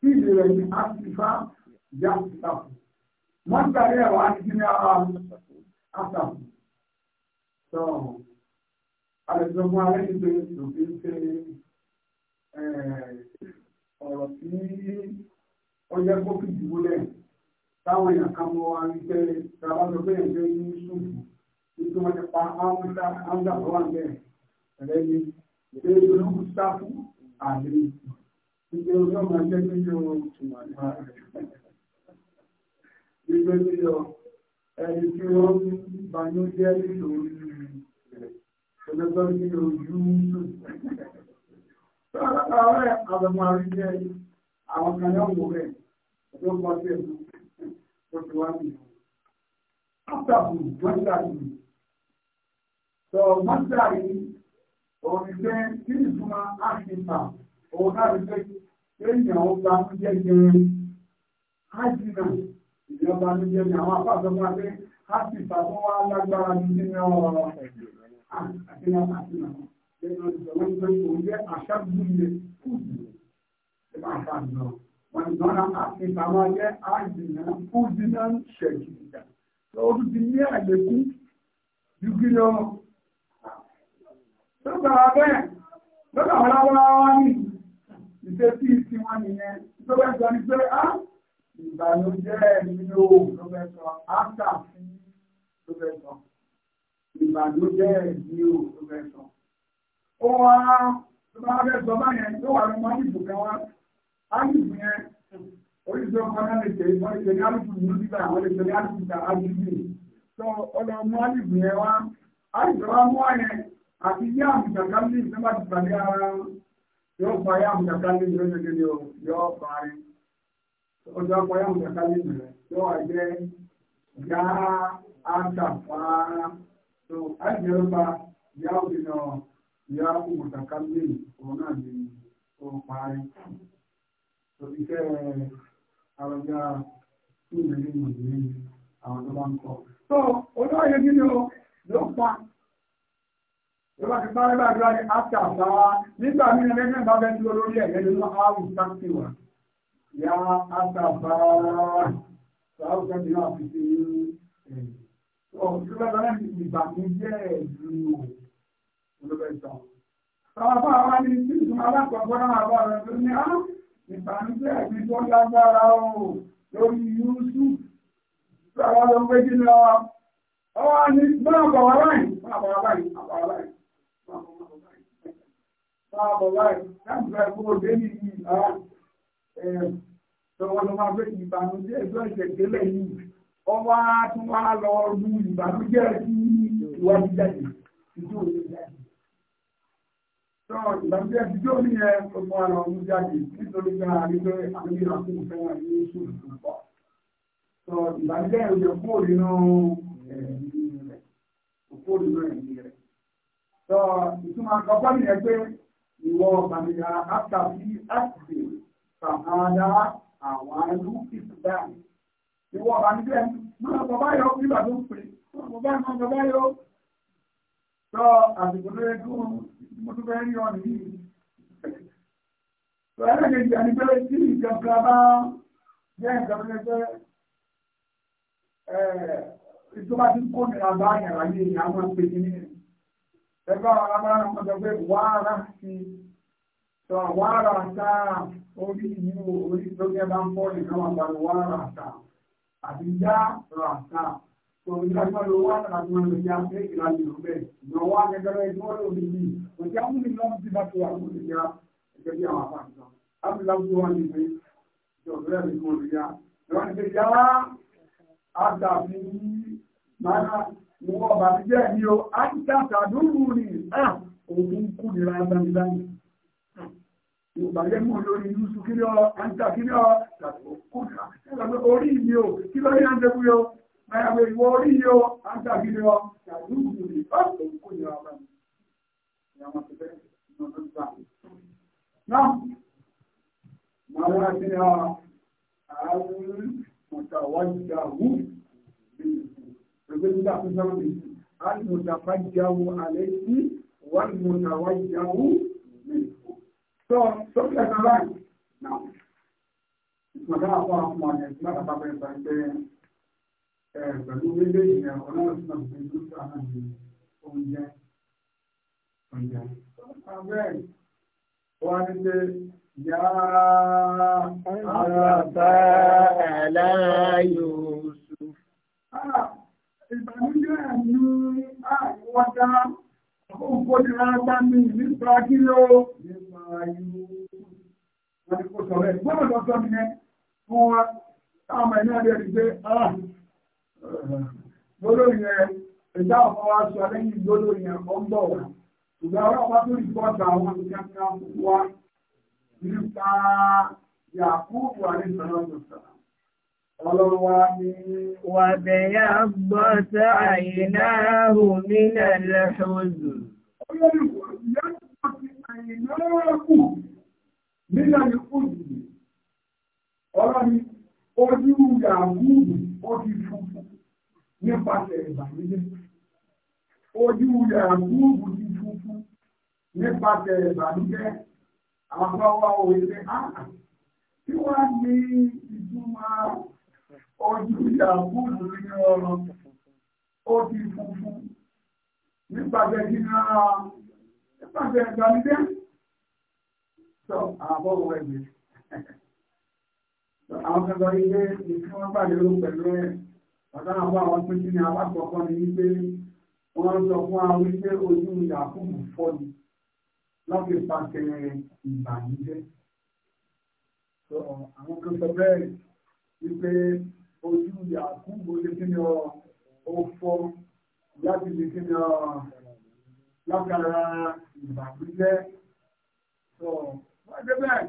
fíìlì rẹ̀ ní àtìfá ìyá àtìfáfù wọ́n tàrí ẹ̀rọ àti ní ara àtàfù tó àlẹ́sọ̀gbọ́n alẹ́ ti bẹ̀rẹ̀ lòdì ṣe ọ̀rọ̀ tí ó yẹ kó fi dìbò lẹ̀ táwọn èèyàn kan mọ́ wa wípé ìjọba lọ bẹ́ẹ̀ gbé ní ṣùkú nítorí wọ́n ti pa àwọn ìdàgbọ́ wà ń bẹ̀rẹ̀ rẹ̀ ní ìgbé olókùn sáfù Gbogbo ọjọ́ máa jẹ́ kí yóò tùmà náà rẹ̀. Gbogbo tí yọ ẹni tí wọ́n banú jẹ́ lórí rẹ̀. Ọjọ́ tí yóò jú Ààrẹ àbẹ̀mọ̀ àríjẹ́ àwọn kan náà wò rẹ̀. Ọjọ́ pọ̀ sí ẹ̀kú. Ó ti wá nìyàn. Àtàkù mọ́sàrì. Sọ mọ́sàrì, òun jẹ́ kí ìtumọ̀ àṣìpà òun náà rí pé kéèyàn ó gba mú jẹ́ jẹrin ájìnà ìjọba mú jẹ́ ní àwọn apá àtọ́gbọ́n adé á sì fàtó wá lágbára ní kí ní ọ̀rọ̀ àtìyàn àtìyàn lẹ́nu ìjọba ń gbé òun jẹ́ àṣàgbùyẹ fúùdù ẹ máa fà nù wọn ni wọn á fi pamọ́ jẹ́ ájìnà fúùdù náà ń ṣẹ̀kì ìjà lọ́wọ́ ti ní àlékún ju kí lọ. Sọ́gbà abẹ́ ìṣe tí ti wọ́n nìyẹn tó bẹ́ẹ̀ sọ ni pé á ìbànújẹ́ mi ò ló bẹ́ẹ̀ sọ áńtà fún ló bẹ́ẹ̀ sọ ìbànújẹ́ mi ò ló bẹ́ẹ̀ sọ. ó wá tó bá bẹ́ẹ̀ sọ báyẹn tó wà lọ́mọ àdìbò kan wá àdìbò yẹn oríṣi ọkọ náà lè ṣe wọ́n lè ṣe ní àdìbò yìí nígbà wọ́n lè ṣe ní àdìbò ìta àdìbò yìí tó ọlọ́mọ àdìbò yẹn wá àdìbò wa mú àyẹn àti yá àmì yóò pa ayé àwọn kàkà lé ìlú gẹ́gẹ́ ni yóò parí ọjọ́ pa ayé àwọn kàkà lé ìlú rẹ̀ yóò wà jẹ́ yá àtàfàárá tó àìjẹ́ ló pa yá òbí náà yá òmò kàkà lé òun náà lè tó parí tòbí kẹ́ àròjà fún ìrìn ìrìn àwọn tó bá ń kọ́. tó olóòye kí ni ó ló Ìwọ́n ti sáré bá àdúrà ní áṣà àtàwà nígbà mìíràn lẹ́yìn ìbá bẹ́ẹ̀ tí ó lórí ẹ̀yẹ́ nínú áàrùn sáàkì wà. Ìyá áṣà àtàwà ṣàwọn ìṣẹ́ ti náà fi ṣe ẹ̀yìn. Ọ̀ṣùgbọ́n lọ́nà ìbàmújẹ́ ẹ̀dùn olóbẹ̀ ìtàn. Àwọn àbá àwọn ní ìtumọ̀ alákọ̀ọ́gbọ́n náà àbá rẹ̀ tó ní á ah, ìbàmújẹ́ ẹ̀dùn tó lágbára o lórí Yusuf. Sọ̀rọ̀ ló ń gbé jìnnà. Ọwọ́ ni bọ́ọ̀ bọ̀ wá báyìí, bọ́ọ̀ bọ̀ wá báyìí, àbọ̀ wá láàbọ̀ láì láti láì fún òde ní ìlú ìlà tọwọ́ lọ máa fẹ́ ìbànújẹ́ ẹjọ́ ìṣẹ̀gbélẹ̀ yìí ọwọ́ tún wá lọ lu ìbànújẹ́ sí ìwádìí jáde ìjọ òye jáde. sọ ìbànújẹ́ ìjọ mi yẹ ọmọ àlọ́ ọdún jáde nítorí pé àwọn àlejò àwọn ìlú àkókò fẹ́ràn ní oṣù tó ń bọ̀. sọ ìbànújẹ́ ìròyìn kúrò nínú ẹ̀mí rẹ̀ kúrò nínú ẹ̀mí rẹ̀. sọ ìtumọ̀ àkọ́kọ́ nìyẹn pé ìwọ bàmìlà àtàbí àtìsè sàmàdà àwọn ẹlú ìsìdá ìwọ bàmìlà máa bàbá yọ nígbà tó ń pè máa bàbá máa bàbá yọ sọ àsìkò lórí tó mo tún fẹ́ rí ọ nìyí sọ ẹlẹ́gẹ̀dì àníbẹ̀rẹ̀ tí ìjọba bá jẹ́ ìjọba ẹgbẹ́ ìjọba tí kò nira bá yàrá yìí àwọn pèsè nìyẹn. Ẹgbẹ́ àwọn amára wọn sọ pé wàhálà sí sọ wàhálà sáà orí ìlú orí tó jẹ́ bá ń bọ́ nìkan wọn pàdé wàhálà sáà. Àti yá rà sáà. Sọ ìdájọ́ ló wà láti wọn lè yá pé ìlànà ìlú bẹ́ẹ̀. Ìyọ̀ wá gẹ́gẹ́rẹ́ ìlú wọn lòdì yìí. Kò sí àwọn ìlú náà ti bá ti àwọn olùyá gẹ́gẹ́ bí àwọn àpáàdé náà. láwùjọ wọn ní pé ìjọba ìlú ìwọ ọba ti jẹ́ ẹ̀mí o ájíkà tàdúrù ní à òun kú nira gbanigbani ìwọ̀bà yẹ mú lórí yúsù kí ni ọ ájíkà kí ni ọ tàbí kú nira nígbà pé orí mi o kí ló yá ń dẹ́kun yọ ayàwó ìwọ orí yọ ájíkà kí ni ọ tàdúrù ní à òun kú nira gbani. Náà, màá wá sí àwọn mọ̀tàwájú àwọn ìlú ìgbésíta fún sáwọn èsì alìmọ̀tàfà jáwó alẹ́ sí wà ìmọ̀tàwà jáwó mẹ́fò tó sọ́kẹ́ ẹ̀ka báyìí náà ìgbàdá àwọn àwọn àmì ẹ̀sìn láti bá bẹ́ẹ̀ báyìí bẹ́ẹ̀ ẹ̀ pẹ̀lú wíwé ìyẹn ọlọ́run sí náà pẹ̀lú sáà ní oúnjẹ oúnjẹ. Abẹ́ẹ̀ wọ́n á ní pé يا أبا لا يوسف ìbànújẹ́ ẹ̀mí àìwọ́dá òǹkójúra bá mi nípa kí ló nípa ayú wọ́n ti kó sọ̀rọ̀ ẹ̀ gbọ́dọ̀ lọ sọ nìyẹn fún wa táwọn ẹ̀mí àbẹ̀ rí pé ah gbọ́dọ̀ eh, yẹn ẹ̀dá ọ̀pọ̀ wa sọ lẹ́yìn gbọ́dọ̀ yẹn ọ̀ ń bọ̀ wá ṣùgbọ́n ọ̀rọ̀ wa tó rìpọ́tà àwọn kankan wa nípa yàkú wà ní sọ̀rọ̀ sọ̀rọ̀ وبيضت عيناه من الحزن من الحزن ọlọ́ni ojú yàgùnù ó ti funfun nípasẹ̀ ìbànújẹ́ ojú yàgùnù ti funfun nípasẹ̀ ìbànújẹ́ àwọn ọmọ wa ò tí wọ́n ní ìtumọ̀ ojú ìyàkúrù ní ọrọ̀ ó ti funfun nípasẹ̀ kí náà nípasẹ̀ ìgbàlídẹ́ sọ àbọ̀wọ̀ ẹgbẹ̀ àwọn kan sọ ilé ìfí wọn gbà lérò pẹ̀lú ẹ̀ ọ̀tá àwọn àwọn pín sí ní alákọ̀ọ́kọ́ ni wípé wọ́n sọ fún wa wípé ojú ìyàkúrù fọ́ni láti pàṣẹ ìbànújẹ́ àwọn kan sọ bẹ́ẹ̀ wípé ojú Yàkúbù lè kí ni ọ fọ́ láti lè kí ni ọ látara ìbàgbẹ́jẹ́ sọ wọ́n jẹ́ bẹ́ẹ̀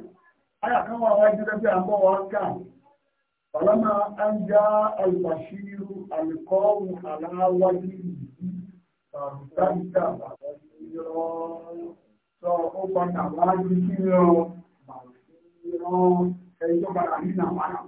ayà kan wà wáyé jẹ́ bí àbọ̀ wá kà ọ̀lọ́mà ń já alùpàṣírù alùkọ́ọ̀wù aláwájú yìí sàrùsáìsà yọ sọ ó padà wájú sí yọ ẹjọ́ padà nínú àwọn àwọn.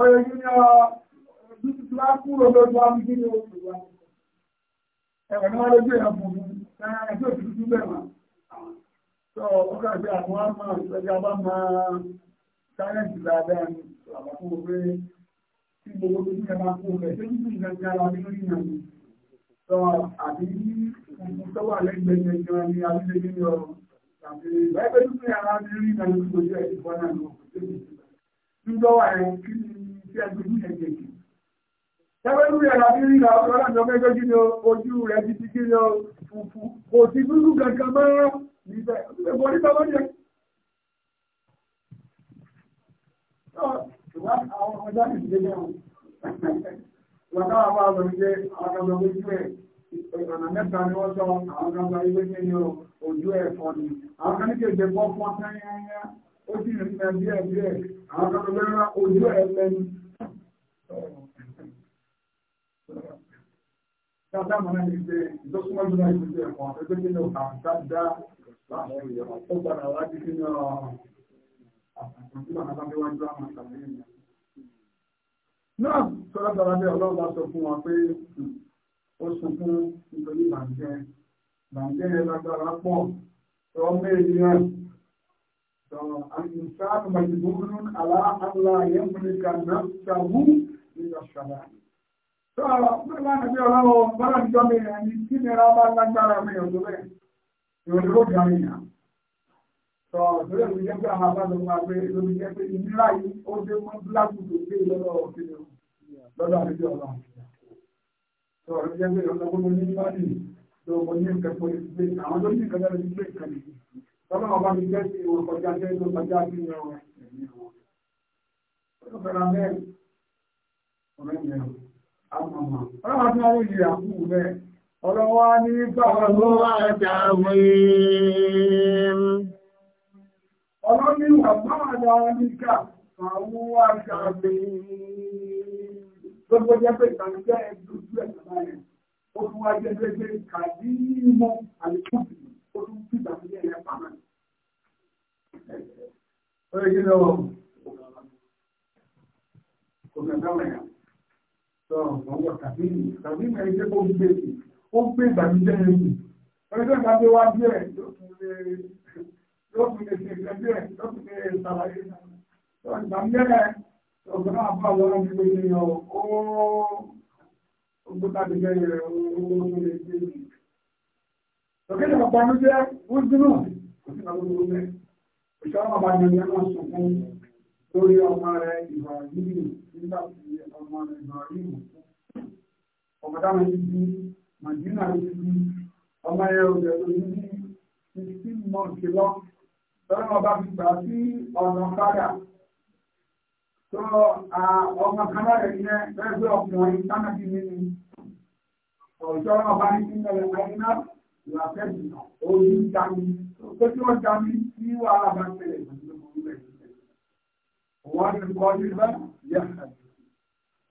ọ̀rọ̀ yìí ni ah, ọ̀dútù bá kúrò lọ́dún wa kí ni oṣù wa ẹ̀rọ ni wọ́n lójú ẹ̀ fún mi ẹgbẹ́ òtútù bẹ́ẹ̀ wá tó ọkọ̀ àti àwọn àmà ìgbẹ́jà bá máa sáyẹ́ǹsì dáadáa ni àwọn fún pé tí gbogbo tó ti ẹ̀ma kú rẹ̀ tó ti ìgbà ti ara nínú ìyàn mi tó àbí funfun tó lẹ́gbẹ̀ẹ́ yẹn ni àbílẹ̀ ní ọ̀rọ̀ àti ìgbà ẹgbẹ́ tó ti ara nínú ìyàn mi kò jẹ́ ìfọ́nà lọ nígbà ẹ̀ kí ni tí a gbé ní ẹ̀jẹ̀ jù. Tẹ́wẹ́lú rẹ̀ rà nírí ra ọlọ́dọ̀ mẹ́jọ kí ni ojú rẹ̀ ti ti kí ni fùfú. Kò sí dúdú kankan mọ́ níbẹ̀. Èbò níta wọ́n jẹ. Àwọn ọjà ní ìdílé wọn. Wọ́n náà wá lọ sí àwọn ọmọ ojú ẹ̀. Ọ̀nà mẹ́ta ni wọ́n sọ àwọn ọmọ ilé kí ni ojú ẹ̀ fọ́ ni. Àwọn kan ní kí èdè bọ́ fún ọ ó sì rìn ní ẹbí ẹbí ẹ àwọn kan lọ rárá ojú ẹ lẹ́nu Dáadáa máa ń ṣe ìtọ́síwájú náà ìgbésẹ̀ ẹ̀kọ́ àfẹ́fẹ́ kí ni ọ̀tà àtàdá láàrin ìyàwó tó gbàdá wá sí kí ni àtàkùn tí màá bá wájú àwọn àtàkùn yìí. Náà sọ́dọ̀ dára bẹ́ẹ̀ ọlọ́run bá sọ fún wa pé ó sunkún nítorí ìbànújẹ́. Ìbànújẹ́ yẹn lágbára pọ̀ ọmọ ènìyàn àìsàn àmàlùmọ́rún aláàlá yẹn mú ní kànáà ìjọsọ̀lá. Tó nígbà níbi ọlọ́wọ́ bọ́lá ń jọmọ èèyàn ní kí nira bá lágbára mi ò lóbẹ̀. Ìròyìn ló jọ èèyàn. Sọ ìdílé mi jẹ́ pé àwọn abájọ máa gbé lórí jẹ́ pé ìnira yìí ó dé mọ́ bíláàkù tó gbé lọ́dọ̀ òfin lọ́dọ̀ àdéjọ́ ọlọ́run. Sọ ìdílé jẹ́ pé ọlọ́gbọ́n mo ní bá nì tó mo ní nǹkan pọ̀ ní gbé àwọn tó ní nǹkan lẹ́nu ní gbé nǹkan nìyí. Tọ́lá ọba mi jẹ́ sí ìwọ̀n kọjá jẹ́ tó kọjá sí ìwọ̀n ẹ̀mí wọn. Ó fẹ́ràn bẹ́ẹ̀ ọ̀rẹ́ yẹn àmàmà ọlọ́wọ́ tí wọ́n yìí àkúrú rẹ̀ ọlọ́wọ́ ní gbàgbọ́ àjàwé ọlọ́ni wà máàdá níkà àwọn àjàwé gbogbo jẹ́ pé ìtànjẹ́ ẹgbẹ́ ẹ̀sán yẹn ó tún wá jẹ́ pé kàdí mọ́ àlékún ó tún fi ìtànjẹ́ yẹn pamọ́ Oye, kí lọ wọ̀? Kò kẹta wọ̀ yẹn sọ̀rọ̀ tàbí tàbí mẹ́rin jẹ́ kó gbé ó gbé ìbànújẹ́ ẹ̀kù ọjọ́ ìgbà pé wá díẹ̀ yóò tún lè ṣe ìgbà díẹ̀ yóò tún lè ṣàlàyé ìbànújẹ́ ọ̀gbọ́n náà bá wọn lọ́wọ́ gbé ní ọ ó gbọ́dọ̀ àdìgẹ́ rẹ̀ owó tó lè gbé ní. Òkè ní ọ̀pọ̀ lórí ọmọ rẹ̀ ìbọ̀rìmù nígbà tí ọmọ rẹ̀ ìbọ̀rìmù ọmọ dáwọn ti di màdínà ló ti di ọmọ yẹn ò bẹ̀rù ní sixteen months lọ lọ́nà ọba fi gbà sí ọ̀nà kádà tó ọmọ kádà rẹ̀ yẹn lẹ́gbẹ́ ọkùnrin sánábì nínú ọjọ́ ọba ní sílẹ̀ àyínà làtẹ́jù ojú dání tó tí wọ́n dání sí wàhálà bá tẹ̀lé pẹ̀lú ọmọ rẹ̀ wọ́n ti kọ́ ní bá yà àti.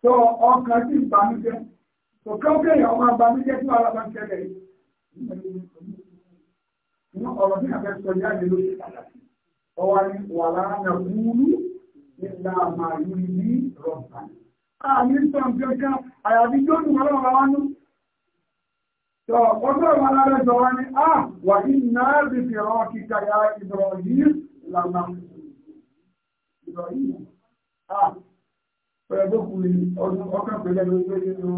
tó ọkàn sí ìbànújẹ́ tó kọ́kẹ́ yà ọmọ ìbànújẹ́ tí wàhálà bá ń kẹ́lẹ̀ inú ọ̀rọ̀ tí àfẹ́ sọ jáde ló ṣe pàtàkì ọwọ́ ni wà láàánà wúlú nígbà máa yú ní rọ̀bà. àmì sọ nǹkan àyàfi tó dùn wọn lọ́wọ́ wá nú. tó ọjọ́ ìwà lára sọ wá ní à ah, wà ní náà ti fi rán kíkà yá ìbọ̀rọ̀ yìí làmà ìlọ yìí ah pẹ̀lú tó kù ọdún ọkàn pẹ̀lú ẹgbẹ́ ìgbẹ́ nínú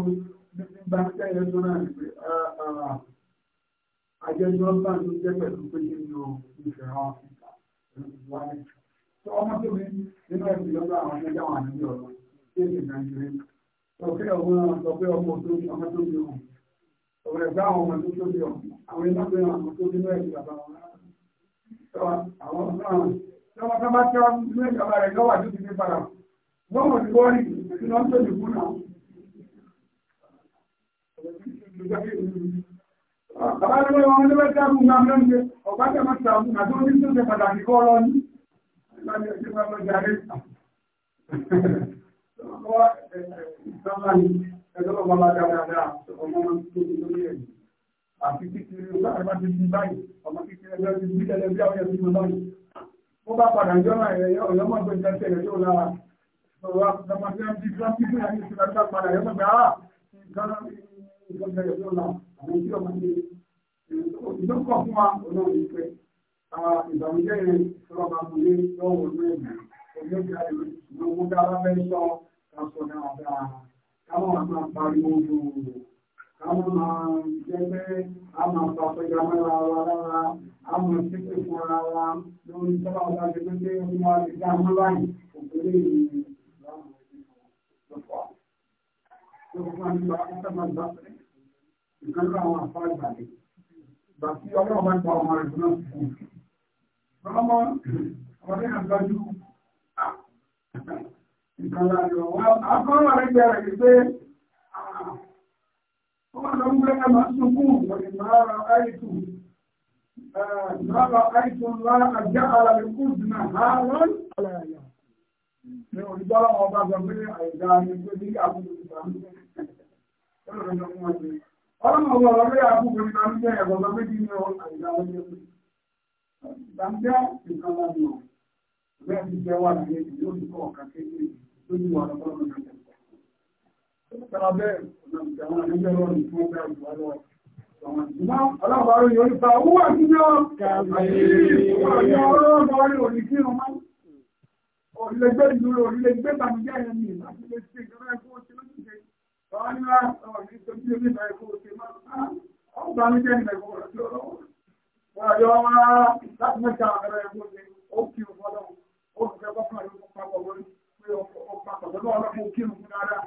nígbà kẹ́yẹ tó náà ní pé ah, ah, àjẹjọ́ bá ń jẹ́ pẹ̀lú pé nínú ìfẹ́ áfíríkà pẹ̀lú ìwà ẹ̀ tó ọmọ tó mi nínú ẹ̀sìn lọ́dọ̀ àwọn ẹgbẹ́ àwọn àníbí ọ̀rọ̀ tí èdè nàìjíríà sọ pé ọmọ sọ pé ọmọ tó ọmọ tó mi hàn ọ̀rọ̀ ẹ̀gbẹ́ àwọn ọmọ tó tó mi hàn àwọn ẹgbẹ́ àwọn ọmọ tó mi náà ẹ̀sìn bàbá lọ́wọ́ tó bá tẹ́ ọdún ilé ìjọba rẹ̀ lọ́wọ́ àti ti fi padà gbọ́mọ̀ tí wọ́n rí ìlú náà tó lè fún náà. Bàbá ló wọ́n ló bẹ́ sáàbù máa mẹ́rin ṣe ọ̀pá tẹ̀ máa sàbù àti orí tó ṣe pàtàkì kọ́ lọ ní. Àti kíkiri ọgbà àgbà ti di báyìí, ọmọ kíkiri ẹgbẹ́ ti di bílẹ̀ lẹ́bí àwọn ẹ̀sìn lọ́yìn wọ́n bá padà jọ́nà ẹ̀yẹ ọ̀yọ́mọ̀gbẹ́ ìtẹ́sẹ̀lẹ̀ yóò lára ọ̀rọ̀ àpàtàkì àti ìfúnàfíìsì àti ìfúnàfíìsì padà yọ́mọ̀ gbà á nǹkan ìfúnàfíìsì yóò lára àwọn tí ọmọ ní ìdókọ̀ fún wa olóòrùn ìfẹ́ ìbànújẹ́ yẹn sọ̀rọ̀ bá mú lé lọ́wọ́ olóòrùn òjò kí a lè mú gbogbo ara fẹ́ sọ káṣọ dáadáa káwọn àgbà pariwo lóòrùn káwọn máa jẹ́ pé a máa pàpẹ́jà mẹ́ra wa lára a máa ṣépè fún ara wa lórí tọ́lá ọba ṣe pé pé wọ́n máa ti dá mọ́ báyìí òkèlè ìrìn láwọn ọ̀pọ̀ ìgbà ìgbà àwọn àfáà ìgbàlè ìgbà tí ọlọ́run bá gba ọmọ rẹ̀ náà fún un lọ́mọ ọdún àgbájú ìkànnì àjọ wọn akọ́rọ̀ rẹ̀ gbẹ̀rẹ̀ pé ما رأيت الله جعل الأذن هارا على يا ní olùdọ́rọ̀ ọba sọ pé àìdá ni pé ní àbúrò ìbànújẹ́ ọlọ́run ọba ọlọ́run àbúrò ìbànújẹ́ ẹ̀rọ lọ méjì ní àìdá ọjọ́ pé ìbànújẹ́ nǹkan wà ní ọ̀ bẹ́ẹ̀ ti jẹ́ wà láyé ìlú olùkọ́ ọ̀kan kékeré lójú wà lọ́wọ́ lọ́wọ́ Ọlọ́pàá yóò fa owó àti náà kàrí ọjọ́ ọlọ́pàá yóò ní kí ọmọ orílẹ̀-èdè ìlú orílẹ̀-èdè bàmíjẹ́ ẹ̀yẹn ni àti lè ṣe ìjọba ẹ̀kọ́ tí ó ti ṣe ọ̀rọ̀ nílá ọ̀rọ̀ ní tó bí orí ẹ̀kọ́ tí máa ń bá mi jẹ́ ẹ̀kọ́ tí ó lọ́wọ́. Wọ́n yọ wá láti mẹ́ta àgbẹ̀rẹ̀ ẹ̀kọ́ tí ó kí ọ̀pọ̀lọ́wọ́ ó fi ẹ̀kọ́ fún àyọ̀kọ́ pápọ̀ lórí pé ọ̀pọ̀ pápọ̀ lọ́wọ́ ọlọ́pàá ó kí ọ̀pọ̀ dáadáa.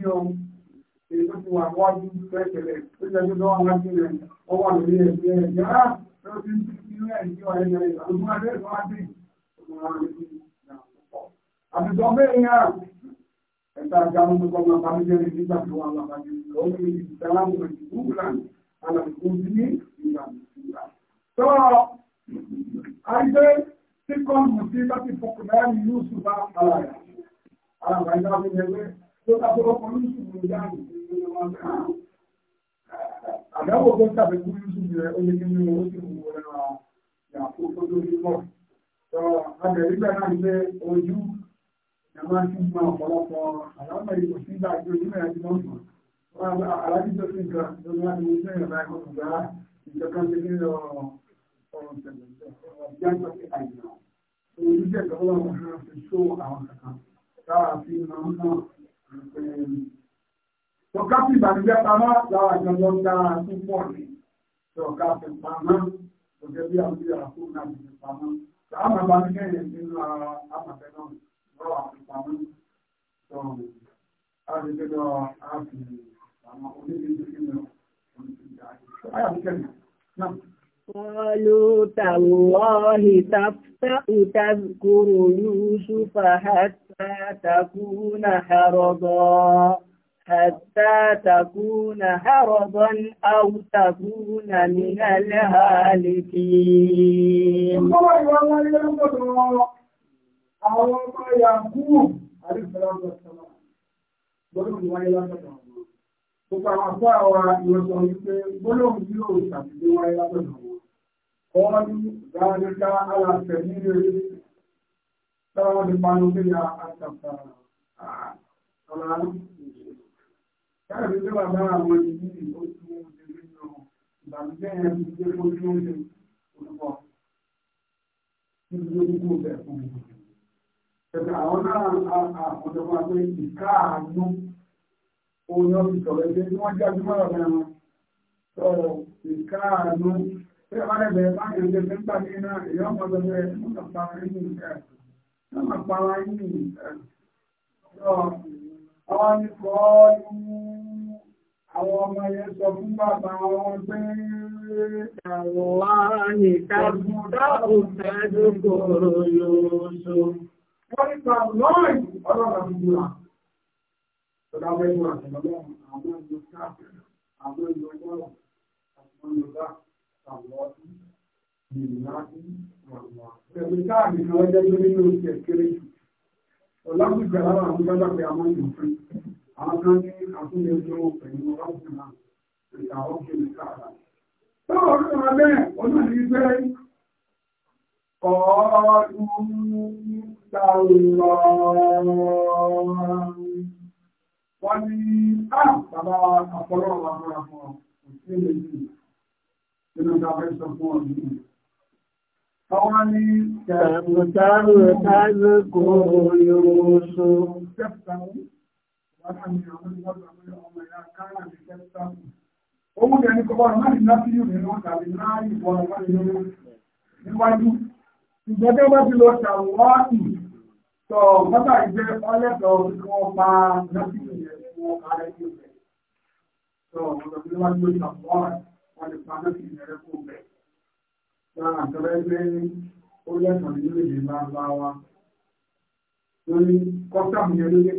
ní ohun èyí tó ti wà wájú pẹ́ẹ́tẹ̀lẹ̀ tó jẹ́ tó lọ́wọ́ wájú rẹ̀ ó wà lórí ẹ̀jẹ̀ ẹ̀jẹ̀ rà tó ti ń fi inú ẹ̀jẹ̀ wà ẹ̀jẹ̀ rẹ̀ àdúgbò adé tó wá dé àbùsọ bẹ́ẹ̀ yà ẹ̀ta àgbàmù tó kọ́ máa bàmí jẹ́rìí nígbà tó wà lọ́wọ́ bàmí lọ́wọ́ mi ti sẹ́lá mọ̀ ní kúkúlà alàkùkù sí ní ìgbà tó àìgbé tí kọ́ mù sí láti fọkùnrin ní yóò sùn bá ara rẹ̀ alàgbà ìgbà tó tó kápẹ́ ọkọ̀ ní ìṣòro ìdáhùn àdáwò tó kápẹ́ kú ní ìṣòro rẹ̀ ó yẹ kí ní owó sí gbogbo rẹ̀ wà yàkó tó tó ní pọ̀ tó abẹ̀rí bẹ́ẹ̀ náà ṣe ojú ẹ̀ máa ti gba ọ̀pọ̀lọpọ̀ àlámọ̀ ìlú sí ìgbà tí ojú mẹ́rin ti mọ̀ aláàbí tó fi nǹkan tó ní láti mú sí ìrìn àìkọ́ ìgbà ìjọkan ti ní lọ ọ̀rọ̀ ìṣẹ̀lẹ̀ ìjọba ti àìsàn tó ká fi ìbànújẹ́ pamọ́ láwọn àjọyọ̀ dára tó pọ̀ ní tó ká fi pamọ́ tó jẹ́ bí àwọn ìyá tó ká fi pamọ́ tó á máa banújẹ́ yẹn nínú ara àmọ̀tẹ́ náà lọ́wọ́ àfi pamọ́ tó á lè dé lọ á fi pamọ́ onídìí sí mi قالوا تالله تفتأ تذكر يوسف حتى تكون حرضا حتى تكون هربا أو تكون من الهالكين Gbogbo àwọn àpá àwọn ìwọ̀sọ̀ ìpé gbólóhùn tí ó ṣàtìdé wáyé látọ̀nà wọn. Ọwọ́ ní ìdáadẹ́ká aláṣẹ nílé rí tọ́wọ́ ní panú pé ya àtàkà ààrùn káàdì tó wà bá àwọn ìlú ìlú tí wọ́n ti rí lọ ìbànújẹ́ yẹn ti dé kó tí ó ṣe olùkọ́ níbi tó kúkú bẹ̀ fún mi. Ṣẹ̀dá àwọn náà àkọ́jọba pé ìkáàánú òun yóò fi sọ̀rọ̀ ẹgbẹ́ tí wọ́n jáde mọ́rọ̀ náà sọ̀rọ̀ ìkáàánú. Ṣé wọ́n lè bẹ̀rẹ̀ báyìí ọjọ́ tó ń gbà ní iná èyí ọmọ ọdọ bẹ̀rẹ̀ mú kàpá nínú ìfẹ́. Ṣé máa pa ara yín nínú ìfẹ́? Àwọn ni kọ́ ọ́ àwọn ọmọ yẹn sọ fún bàbá wọn pé àwọ̀láàyè kàbùdá òfẹ́jú kòrò yóòsó. Wọ́n ní pa lọ́ọ̀yì ọlọ́rọ̀ àbúrà. Ọ̀dá mẹ́rin àtìlọ́lọ́run àwọn ìlú káàkiri, àwọn ìlú ọlọ́run, àwọn ìlú bá, àwọn ọdún, ìlú láti, àwọn. Ẹ̀mí káàkiri ni wọ́n jẹ́ lórí ní oṣù ẹ̀kẹ́rẹ́. Ọ̀lá àwọn kan ní àtúnyẹ ojú pẹ̀lú ọlọ́pùn náà ìta ọkẹ́ ìta àrà tọ́wọ́ ọdún ọmọ bẹ́ẹ̀ ọdún ní pé ọdún ta lọ wọ́n ní á ah, bàbá àpọ̀lọ́ àwọn àpọ̀ òṣèlè yìí nínú ìdáfẹ́ sọ fún ọdún Àwọn ni ṣàrùtàrù ẹ̀ká ẹgbẹ́ kò yóò ṣó látàmì àwọn ìwọ́dọ̀ pé ọmọ ìyá káàrà ní kẹta ohun ẹni kọ́kọ́ ọ̀rọ̀ láti láti yìí nínú tàbí láàyè bọ̀rọ̀ láti lórí níwájú ìgbẹ́ tó bá ti lọ ṣàwọ́ọ̀tì tọ̀ mọ́tà ìgbẹ́ ọlẹ́tọ̀ kí wọ́n pa láti yìí yẹn fún lórí kọ́sàmù yẹn ló yẹ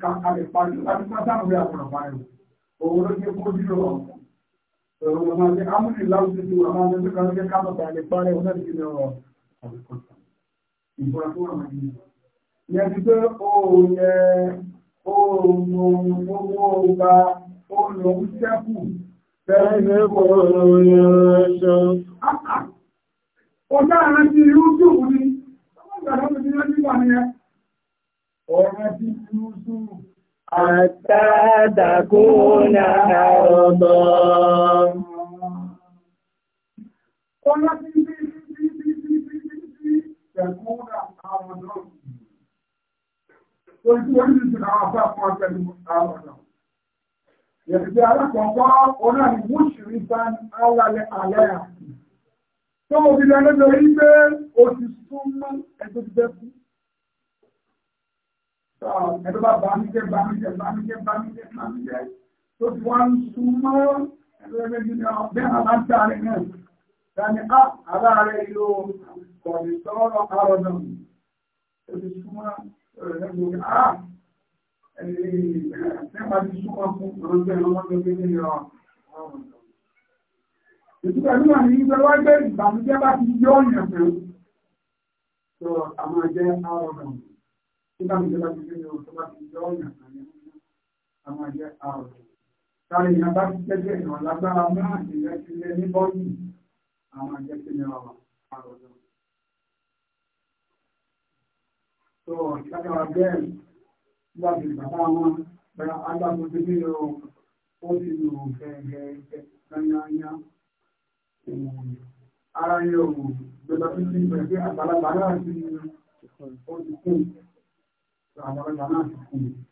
ká lè parí láti kọ́sàmù yẹn àwọn ọ̀bá rẹ̀ òun ló yẹ kó dúró ọ̀hún. Ọ̀rọ̀ wọn máa ń ṣe ámúlì láwùjọ tí wọn máa ń ṣe kọ́sàmù yẹn ká lọ́ta lè parí ọ̀hún láti fi lọ́wọ́ ọ̀rọ̀ kọ́sàmù. Ìbúra tó wà máa ń yẹ. Ìyẹn ti pé òun yẹ òun owó ọba òun òun sẹ́kù. Bẹ́ẹ̀ni kò yẹ ṣe. Ọjọ́ àrántí irú tí òun ní, ọmọ ìgbà ọ̀rọ̀dí lúúsù àtàdàkúnà àrọ̀dọ̀. ọ̀rọ̀dí lúúsù àrọ̀dọ̀. Ojú orílẹ̀-èdè àwọn afẹ́ fún ọjọ́ ìlú àrọ̀dọ̀. Yẹ̀sì alákọ̀ọ́kọ́ ọ̀nà ìwúṣìrí bá ń alálẹ̀ àlẹ́ àti. Tó mo fi lọ lọ́jọ́ yí pé o ti súnmọ́ ẹgbẹ́ ti bẹ́ fún ẹ̀rọ bá bàmíjẹ́ bàmíjẹ́ bàmíjẹ́ bàmíjẹ́ bàmíjẹ́ tó fi wá ń súnmọ́ ẹ̀rọ ẹgbẹ́ gidi náà bẹ́ẹ̀ náà láti àárẹ̀ náà dání á aláàárẹ̀ yóò kọ̀ọ̀dì sọ́ọ́rọ̀ àárọ̀ náà ó ti súnmọ́ ẹ̀rọ ẹgbẹ́ gidi á ẹ̀ẹ́dẹ́gbà ti súnmọ́ fún ọ̀rọ̀gbẹ́ ọmọdé gidi náà ìtúkọ̀ ní wà ní ìgbẹ́wọ́ nígbà tí ìjọba ti fi ní ọ̀tọ́ bá ti jọ ọ̀yàn kan ní àwọn ẹ̀jẹ̀ àrùn. Táyà ìyá bá ti jẹ́jẹ́ ìrọ̀ lágbára mọ́ ìyá ti lé ní bọ́ọ̀lù àwọn ẹ̀jẹ̀ ti ní ọ̀rọ̀ àrùn. Tó ìtàkàrà bẹ́ẹ̀ nígbà tí bàbá wọn gba agbábọ́dé bí o ó ti lò gẹ̀ẹ́gẹ́ yányányá òun. Ara yẹn òun gbẹdọ̀ tó àgbàlagbà náà ti ó ti kún tá que que estava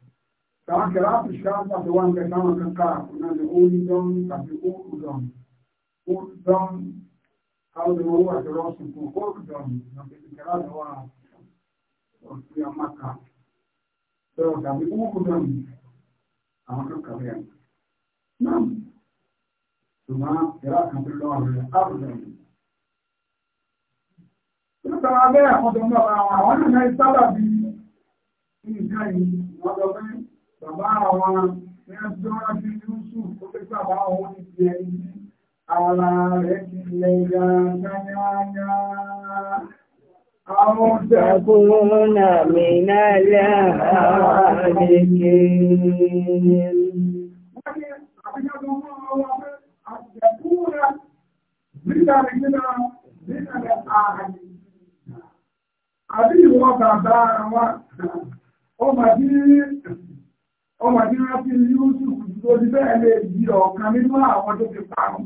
Kama kirafi shamba tuwange kama kaka kuna ni udon kafi udon udon au ni maua kirosu ku udon na kirafi wa ya maka so kafi udon ama kaka ya nam tuma kirafi kafi udon udon Nípa estava àwọn tó ń bá àwọn àwọn náà sábà bíi nǹkan yìí wọ́n lọ pé bàbá àwọn ẹgbẹ́wọ́n ọmọ tí wọ́n fi Yusuf tó ti bẹ́ẹ̀ lè di ọ̀kan nínú àwọn tó fi parun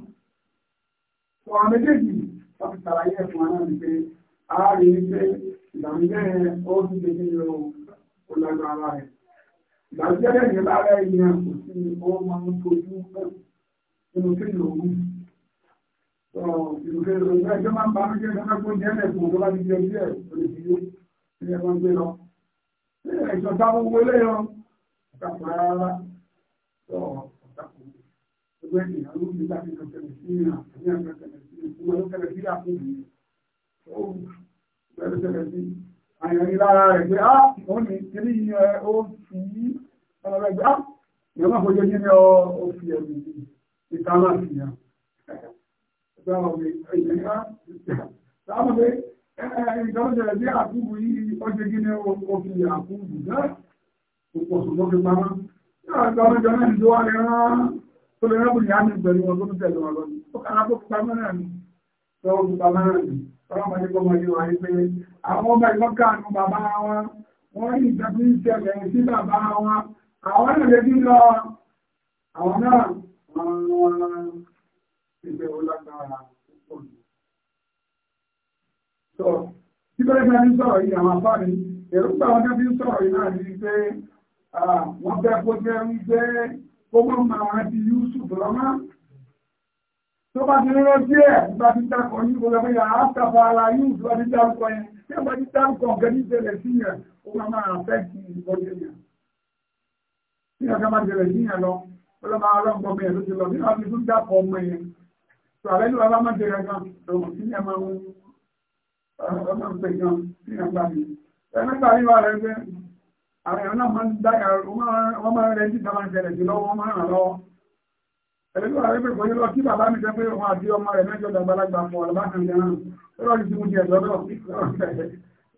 ọ̀rọ̀ méjèèjì wọ́n fi ṣàlàyé ẹ̀fún aná ní pé ààrẹ pé ìdàmújẹ́ ó ti ṣe kí ló ó lágbára rẹ̀ ìdàmújẹ́ bẹ́ẹ̀ ní lára ènìyàn kò sí ó máa ń tojú nínú kí ló wù ìlú kí ló ń bá ẹjọ́ máa ń bá mi jẹ́ ẹgbẹ́ gbóúnjẹ ẹ̀fún tó bá ti jẹ bí ẹ̀ tó lè fi yó ilé ẹ̀fọn gbé lọ ìjọba gbogbo eléyọ ọ̀tàkùn rárá lọ ọ̀tàkùn gbogbo ènìyàn ló ní láti kan tẹ̀lé sí ìrìn àti àti tẹ̀lé sí ìfúnwọ́ ló tẹ̀lé sí àkókò yìí ó bẹ̀rẹ̀ tẹ̀lé sí àyàn ní lára rẹ̀ pé á ah, òun ní kiri yẹ ó fi yí ọmọ rẹ̀ pé á ah, ìyẹn máa fojú yín ní ọ ó fi ẹ̀mí ìta fi hàn ìjọ́jẹ̀ bí àkúbù yìí ọjọ́ gíní òfin àkúbù náà òpò ṣùgbọ́n fi pamọ́ yóò àjọ ọjọ́ náà ìjọ wà lè rán tó lè rán bùnìyàn ní pẹ̀lú wọn tó ń tẹ̀lé wọn lọ́dún ó kàrà tó fi pamọ́ náà ni tó fi pamọ́ náà ni ọlọ́run máa ní kọ́ máa yọ wáyé pé àwọn ọmọ ìlọ́ káànú bàbá wa wọ́n ní ìjọba ìṣẹ̀lẹ̀ sí bàbá wa àwọn náà lè bí lọ wọ́n ń ìgbẹ̀wò lágbára So, tí bẹ́rẹ̀ fẹ́ ní sọ̀rọ̀ yìí àwọn afá ni, èròǹgbà wọn tẹ́bí sọ̀rọ̀ yìí náà ní pé wọ́n fẹ́ kó jẹ́ wípé kó mọ́ máa wọn ti Yusuf lọ́mọ. Tó bá ti rọ́ díẹ̀ nígbà tí dákọ̀ yìí kó lọ́mọ yà á tàfà ara Yusuf bá ti dárúkọ yẹn. Tí wọ́n bá ti dárúkọ nǹkan ní ìṣẹ̀lẹ̀ sí yẹn, ó máa máa fẹ́ kí ìbọ̀dé yẹn. Tí wọ́n ká máa ṣẹlẹ̀ sí yẹn lọ, ọ̀nà pé gan ní ọgbà mi ẹ̀mẹ́ta yíwa rẹ̀ pé àwọn èèyàn náà máa ń dáyà wọ́n máa ń rẹ̀ tí tàbí ìṣẹ̀lẹ̀ jù lọ́wọ́ máa ràn lọ́wọ́ ẹ̀lẹ́gbẹ́ rẹ̀ pé kòyí lọ kí bàbá mi jẹ́ pé òun àti ọmọ rẹ̀ mẹ́jọ dàgbàlagbà fún ọ̀lọ́bá kan jẹ́ náà lọ́rọ̀ ní fún jẹ́ lọ́dọ̀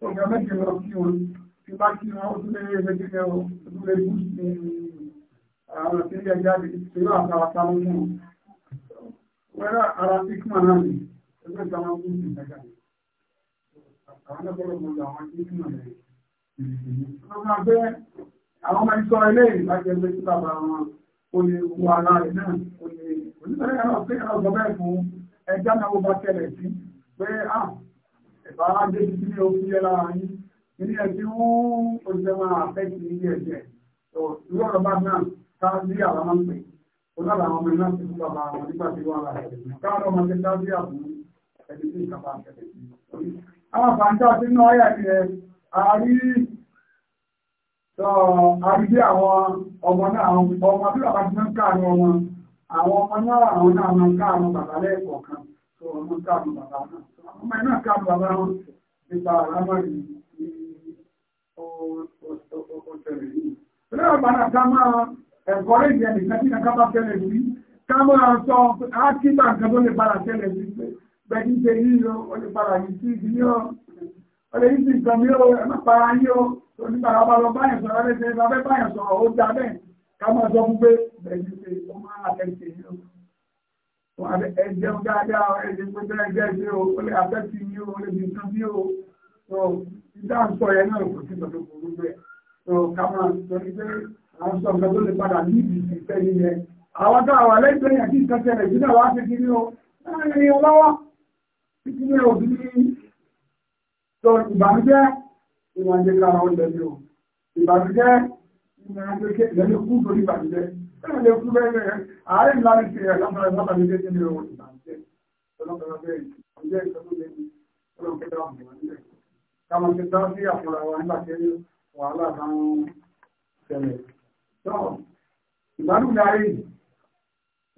ọ̀gá méjì lọ kí wọn ti bá kí wọn ó tún lé ẹgbẹ́ kí wọn ó tún lé bú sí àwọn tí ilé jáde pẹ̀lú àtàwàtà mú wọn wẹ́rẹ́ ara ikú màá náà àwọn ọgbọ́dọ̀ mọ lọ àwọn tí kìnnà rẹ̀ lọ́gbà pé àwọn ọmọ ìsọ ilé ìbájẹ́ pé kí bàbá wọn ó lè wọ ara rẹ̀ náà ó lè oníṣẹ́lẹ̀ ẹ̀rọ pé ẹ̀rọ sọ bẹ́ẹ̀ fún ẹja náà ó bá tẹ̀lẹ̀ sí pé à ẹ̀bá ajé ti ní oṣù yẹ lára yín ní ẹ̀sìn ó oṣìṣẹ́ máa fẹ́ sí ilé ẹ̀jẹ̀ irú ọ̀rọ̀ bá náà ká sí àwọn máa ń pè ó lára àwọn ọmọ iná ti fún bàbá wọn nígbà tí wọ́n ara rẹ̀ káwọn ọmọ ti àwọn fàǹtà tí ní ọyà ìrẹ̀ àárí àrígbé àwọn ọmọ náà ọmọ bí bàbá ti máa ń káàánú ọmọ àwọn ọmọ náà àwọn náà máa ń káàánú bàbá lẹ́ẹ̀kọ̀ọ̀kan tó ọmọ káàánú bàbá náà ọmọ iná káàánú bàbá wọn nípa àlámọ̀rí ní ọ̀tẹ̀rẹ̀ yìí. Ìlẹ́wọ̀n ìgbàna ká máa ẹ̀kọ́ rẹ̀ ìdí ẹnìkan tí ká bá tẹ́lẹ̀ sí ká máa sọ ákíbà nǹkan tó lè padà tẹ́lẹ̀ sí pé gbẹ̀dí ṣe yíyọ olùpàrà yìí sí ìdí ní ọ ọlẹ́ yìí sì gbọ̀n mí ó ẹ̀mọ́ para yí ó oníbàrà bá lọ báyàn sọ̀rọ̀ lẹ́sẹ̀ ẹ̀sọ́ abẹ́ báyàn sọ̀rọ̀ ó dá bẹ́ẹ̀ ká máa sọ fún pé gbẹ̀dí ṣe ó máa àtẹ̀sẹ̀ yìí ó ẹ̀jẹ̀ dáadáa ẹ̀jẹ̀ pẹ̀lú ẹ̀jẹ̀ ṣe ó lè àtẹ̀sí yìí ó lè fi nǹkan bí ó tó ìdá ń sọ yẹn náà kò sí sọ tó burú bẹ́ẹ̀ tó ká máa lè padà ní ìdí ìfẹ́ yìí yẹn àwọn táwọn alẹ́ ìgbẹ́yìn àti ìkàtẹ̀lẹ̀ yìí náà wá ti kiri ó láàrin ọlọ́wọ́ ìpínlẹ̀ òbí sọ ìbànújẹ́ ìwànjẹ́ kára ọ̀lẹ́ ni ó ìbànújẹ́ ìrìnàjò lẹ́nu kú torí ìbànújẹ́ lẹ́nu lè kú bẹ́ẹ̀ ààrẹ ńlá ní ṣe ẹ̀lọ́pàá ìbànújẹ́ ìbànújẹ́ ìbànújẹ́ ìbànújẹ́ ìbànújẹ́ ìbànújẹ́ Káwọn ti tán sí àfúnra wa nígbà tí wàhálà bá ń ṣẹlẹ̀. Tọ́ ìbánúdarí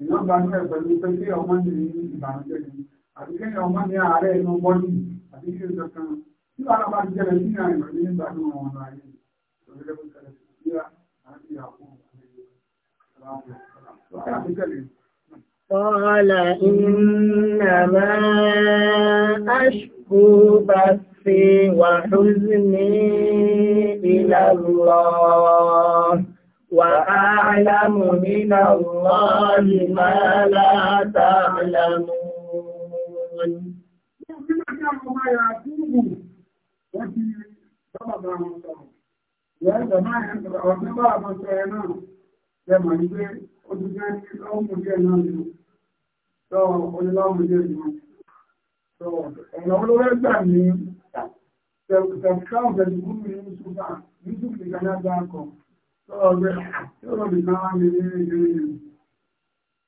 ìná gbanú ẹ̀ pẹ̀lú pé kí ọmọ nìyí ìbànújẹ́ nìyí àti kí ọmọ ní ààrẹ inú bọ́ọ̀lì àti kí ọjọ́ kan tí wàá bá jẹ́ rẹ̀ sínú àìmọ̀ ní nígbà tó wọn wọn láàyè ìṣòro tó tẹ̀lé sí ìyá àti ìyàwó قال إنما أشكو بثي وحزني إلى الله وأعلم من الله ما لا تعلمون وما يعجبه وفي طلب عن الصلاة لأن ما ينبغي أو طلب عن الصلاة لما يجي وتجاني أو مجيء نازل tó onílọ́mù ní ìlú tó ọ̀nà olówó ẹgbà ní tẹ̀kọ́ọ̀fẹ̀ ìgbúrú ní ṣùgbà ní ṣùgbà ìgbàlá bá kọ̀ tó ọgbẹ́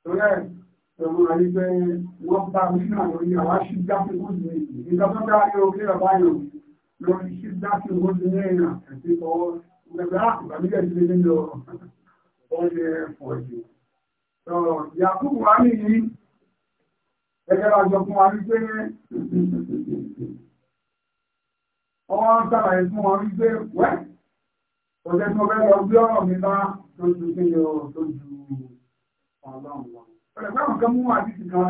tó rọ̀ ẹ̀rọ àrígbẹ́ wọ́n bá mi sí àwọn orí àwọn aṣígbá fún oṣù méjì nígbà tó dá ẹ̀rọ kí ẹ̀rọ báyọ̀ lórí ṣígbá fún oṣù méjì náà àti ọwọ́ gbẹgbẹ́ àgbàmílẹ̀ ah, ti lé lọ ọ̀yẹ ẹ̀fọ́ ẹ̀jẹ̀. Yàkúbù wa ní yìí gẹ́gẹ́ bá jọ fún wa wípé ọwọ́ sàlàyé fún wa wípé wẹ́ ọ̀jẹ̀ tí mo fẹ́ lọ gbé ọ̀rọ̀ mi bá tó ju kí ni tó ju ọlọ́run wa. Ẹ̀gbẹ́ àwọn kan mú àdìsí ìrìn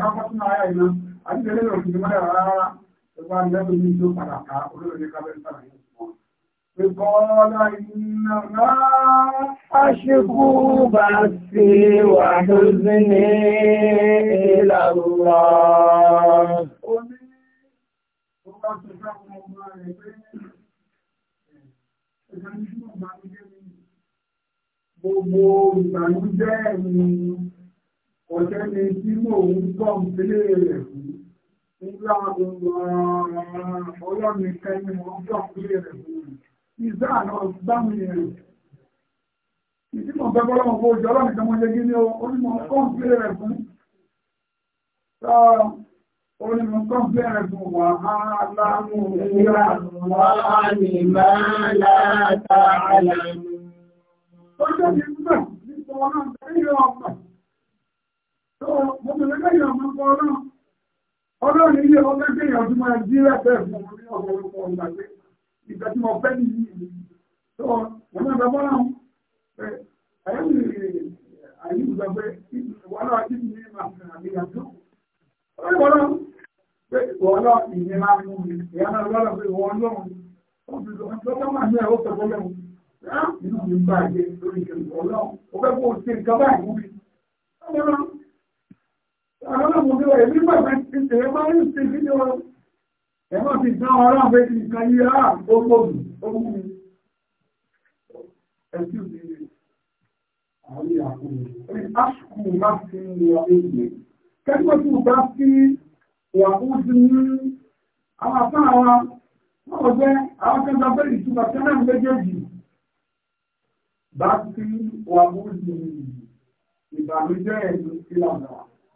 kò sẹ́ni tí mò ń gbọ́ ìpínlẹ̀ rẹ̀ fún nígbà uh, ọlọ́run kẹ́ni mò ń gbọ́ ìpínlẹ̀ rẹ̀ fún ìzá náà bá mi rẹ̀ ìdí mọ̀ bẹ́ bọ́lá wọn kó jọ ọlọ́run kan mọ́ jẹ́ gíní onímọ̀ kọ́ ìpínlẹ̀ rẹ̀ fún sọ onímọ̀ kọ́ ìpínlẹ̀ rẹ̀ fún wà á lámú ìyá wà á ní máa látà àlàmù. ó jẹ́ ìgbà nípa ọlọ́run kẹ́ni ọ̀pọ̀ Ọlọ́run ilé ọgbẹ́ pé ìyànjú máa jí rẹ̀pẹ̀ fún orí ọ̀pọ̀lọpọ̀ ọ̀gbà pé ìgbà tí mo fẹ́ ní ìlú. Tó wọ́n máa bọ́lá ń pẹ̀ àyẹ́mì àyíkùgbà pé wọ́lá ìdí ní máa fi àmì àjò. Ọlọ́run pé wọ́lá ìyẹn máa mú mi, ìyá náà lọ́lọ́ pé wọ́n lọ́run. Ó fi lọ́tọ́ máa ní ẹ̀họ́ àwọn ọmọdé wà ní bàbá ti ṣe é máa ń ṣe kí ni wọn ẹ máa fi gbá ọ̀rọ̀ àwọn ẹni kan yí á gbogbo mi ó mú mi ẹtí mi àwọn ìyàwó mi aṣùkù má fi ní ọ̀rẹ́ mi kẹ́kọ̀ọ́ tí mo bá fi ìyàwó ti ní àwọn afá wa wọ́n jẹ́ àwọn kẹta bẹ́ẹ̀ ìtura kẹ́nà méjèèjì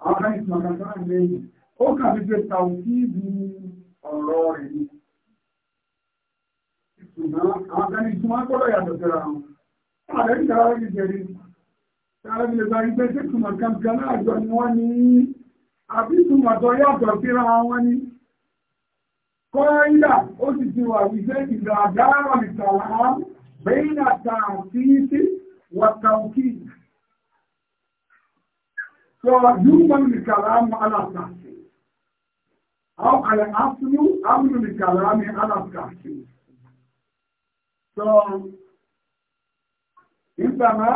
àkáìsì màkàtà lẹ́yìn ó kàbí pé tàùkìdì ọ̀rọ̀ rẹ̀ ni ṣùgbọ́n àwọn akẹ́ni tí wọ́n gbọ́dọ̀ yàtọ̀ síra wọn ààrẹ ń tara rẹ̀ jẹ́rí tààrẹ lè bá rí pé tí tùmọ̀ kankan náà jọ ni wọ́n ní àbí tùmọ̀ tó yàtọ̀ síra wọn ni kọ́ńdà ó sì ti wà wípé ìgbà àdáàrọ̀ ìtàlá bẹ́yìn àtàkìtì wàtàkìtì فيمنع الكلام على التحسين أو الأصل أمن الكلام على التحسين فإنما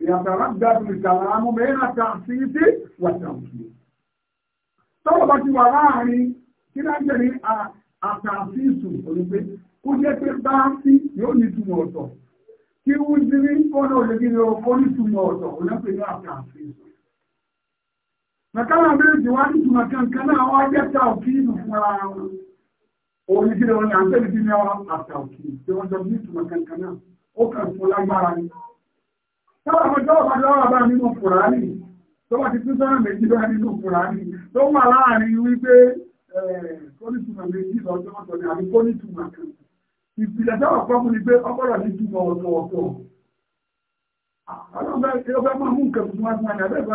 يتردد الكلام بين التحسيس والتمثيل tọ́wọ́ bá ti wà láàrin kí náà jẹ́ ní àtàfíìsù olùgbé kó jẹ́ pé bá sí yóò ní túmọ̀ ọ̀tọ̀ kí wọ́n ti rí kọ́nà òṣèlú ọkọ̀ ní túmọ̀ ọ̀tọ̀ olùgbé ní àtàfíìsù Nàkàlà méjì wá ní ìtumọ̀ kankan náà wá jẹ́ tàùkìdù fún ara wọn. Òun ní kí lè wọ́n ní àgbẹ̀lẹ̀ bí mẹ́wàá àtàùkìdù tí wọ́n jọ ní ìtumọ̀ kankan náà. Ó kàn fún lágbára ni. Sábà mo jọ́wọ́ bá lọ́wọ́ bá nínú Fùránì. Tó bá ti tún sọ́nà méjì bá nínú Fùránì. Tó wà láàrin wípé kónítumọ̀ méjì lọ́jọ́ ọ̀tọ̀ ni àbí kónítumọ̀ kan. Ìpìlẹ̀ sábà kọ́kùn ni pé ọgbọ́dọ̀ ní túmọ̀ ọ̀tọ̀ọ̀tọ̀. Àwọn ọ̀gá ẹgbẹ́ máa mú nǹkan tuntun wá fún wa ní abẹ́ẹ̀kọ́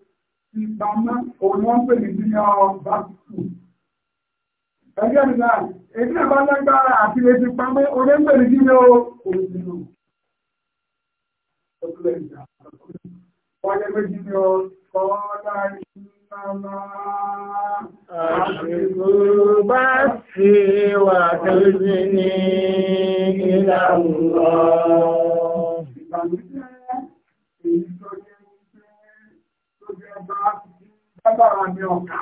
ìpamọ́ òun wọ́n pè ní bí ọ̀rọ̀ bá kù. Ẹgbẹ́ mi náà, èdè náà bá lágbára àti ètò ìpamọ́ onígbè ní kíni ó òṣèlú. Ọdúnlẹ̀ ìjà wọ́n yẹ méjì ni ó kọ́lá ìnáná. Àṣìkò bá sì wà àgbà lágbára ní ọ̀kà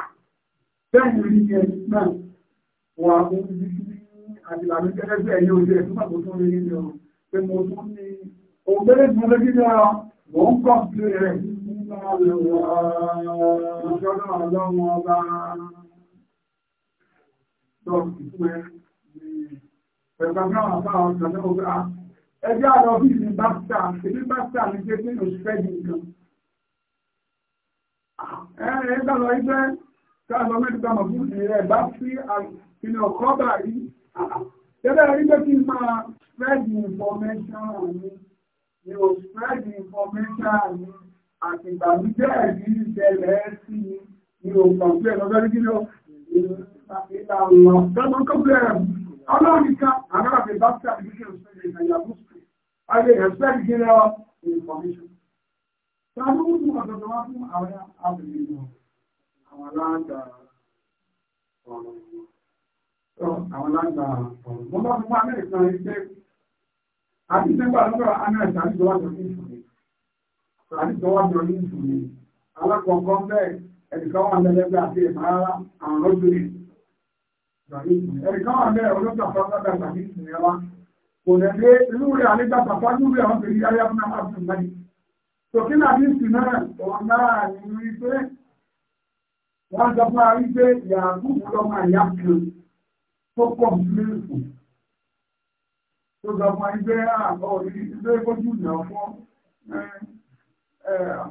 bẹ́ẹ̀ ni ẹ̀ náà wà fún ìdíkí àtìlànà gẹ́gẹ́gẹ́ ẹ̀yẹ ojú ẹ̀ túnbà tó tún rí ní ọ̀rọ̀ pé mo tún ní ohun tẹ́lẹ̀ tí mo lé kí náà mò ń kọ́ sí rẹ̀ nínú ìjọba ọlọ́run ọba lọ́ọ̀kì fún ẹ ẹ̀ka náà bá ọ̀sán náà ẹgbẹ́ àlọ́ bí ní bá sáà ní pé ní oṣù fẹ́ ẹ̀rẹ́ ìgbàlọ́ ìgbẹ́ káàlọ́ mẹ́tìgbà mọ̀ fún ìrẹ́ bá sí ìnà ọ̀kọ́bà rí tẹ́lẹ̀ rí pé kí n máa spread information mi ni o spread information mi àti ìgbàlújẹ́ ẹ̀rí ìṣẹ̀lẹ̀ sí mi ni o kàn pé ẹ̀lọ́gbẹ́ rí kí ló ìlànà tẹ́lẹ̀ kọ́pẹ́ ọlọ́run ká àgbàlagbè bá sí àdìgbò ìṣẹ̀lẹ̀ ìṣẹ̀lẹ̀ ìṣẹ̀lẹ̀ information. Ṣàlúwùdù ọ̀dọ̀dọ̀ wá fún àwọn àbìlì àwọn aláàgbà ọ̀rọ̀. Àwọn aláàgbà ọ̀rọ̀. Mo bá fún Amẹ́ríkà ẹgbẹ́ àti nígbà lọ́gbà Amẹ́ríkà àti ìjọwájọ ní ìṣùlẹ̀. Àti ìjọwájọ ní ìṣùlẹ̀. Alákọ̀ọ́kọ́ bẹ́ẹ̀ ẹ̀dìkan wà lẹ́lẹ́gbẹ́ àti ìmára àwọn olóṣèlú. Ẹ̀dìkan wà bẹ́ẹ̀ olóṣèlú àfọ́gbàgbà àti ìṣùlẹ̀ wa. Kò lẹ́ Tòkí làbí ìsìn náà ọ̀n náà ní rí pé wọ́n sọ fún àrí pé Yàkúbù lọ́mọ àyà kan tó pọ̀ mílíọ̀nù. Tó sọ fún àrí pé àbọ̀ orí ilé ìgbójú ìyà fún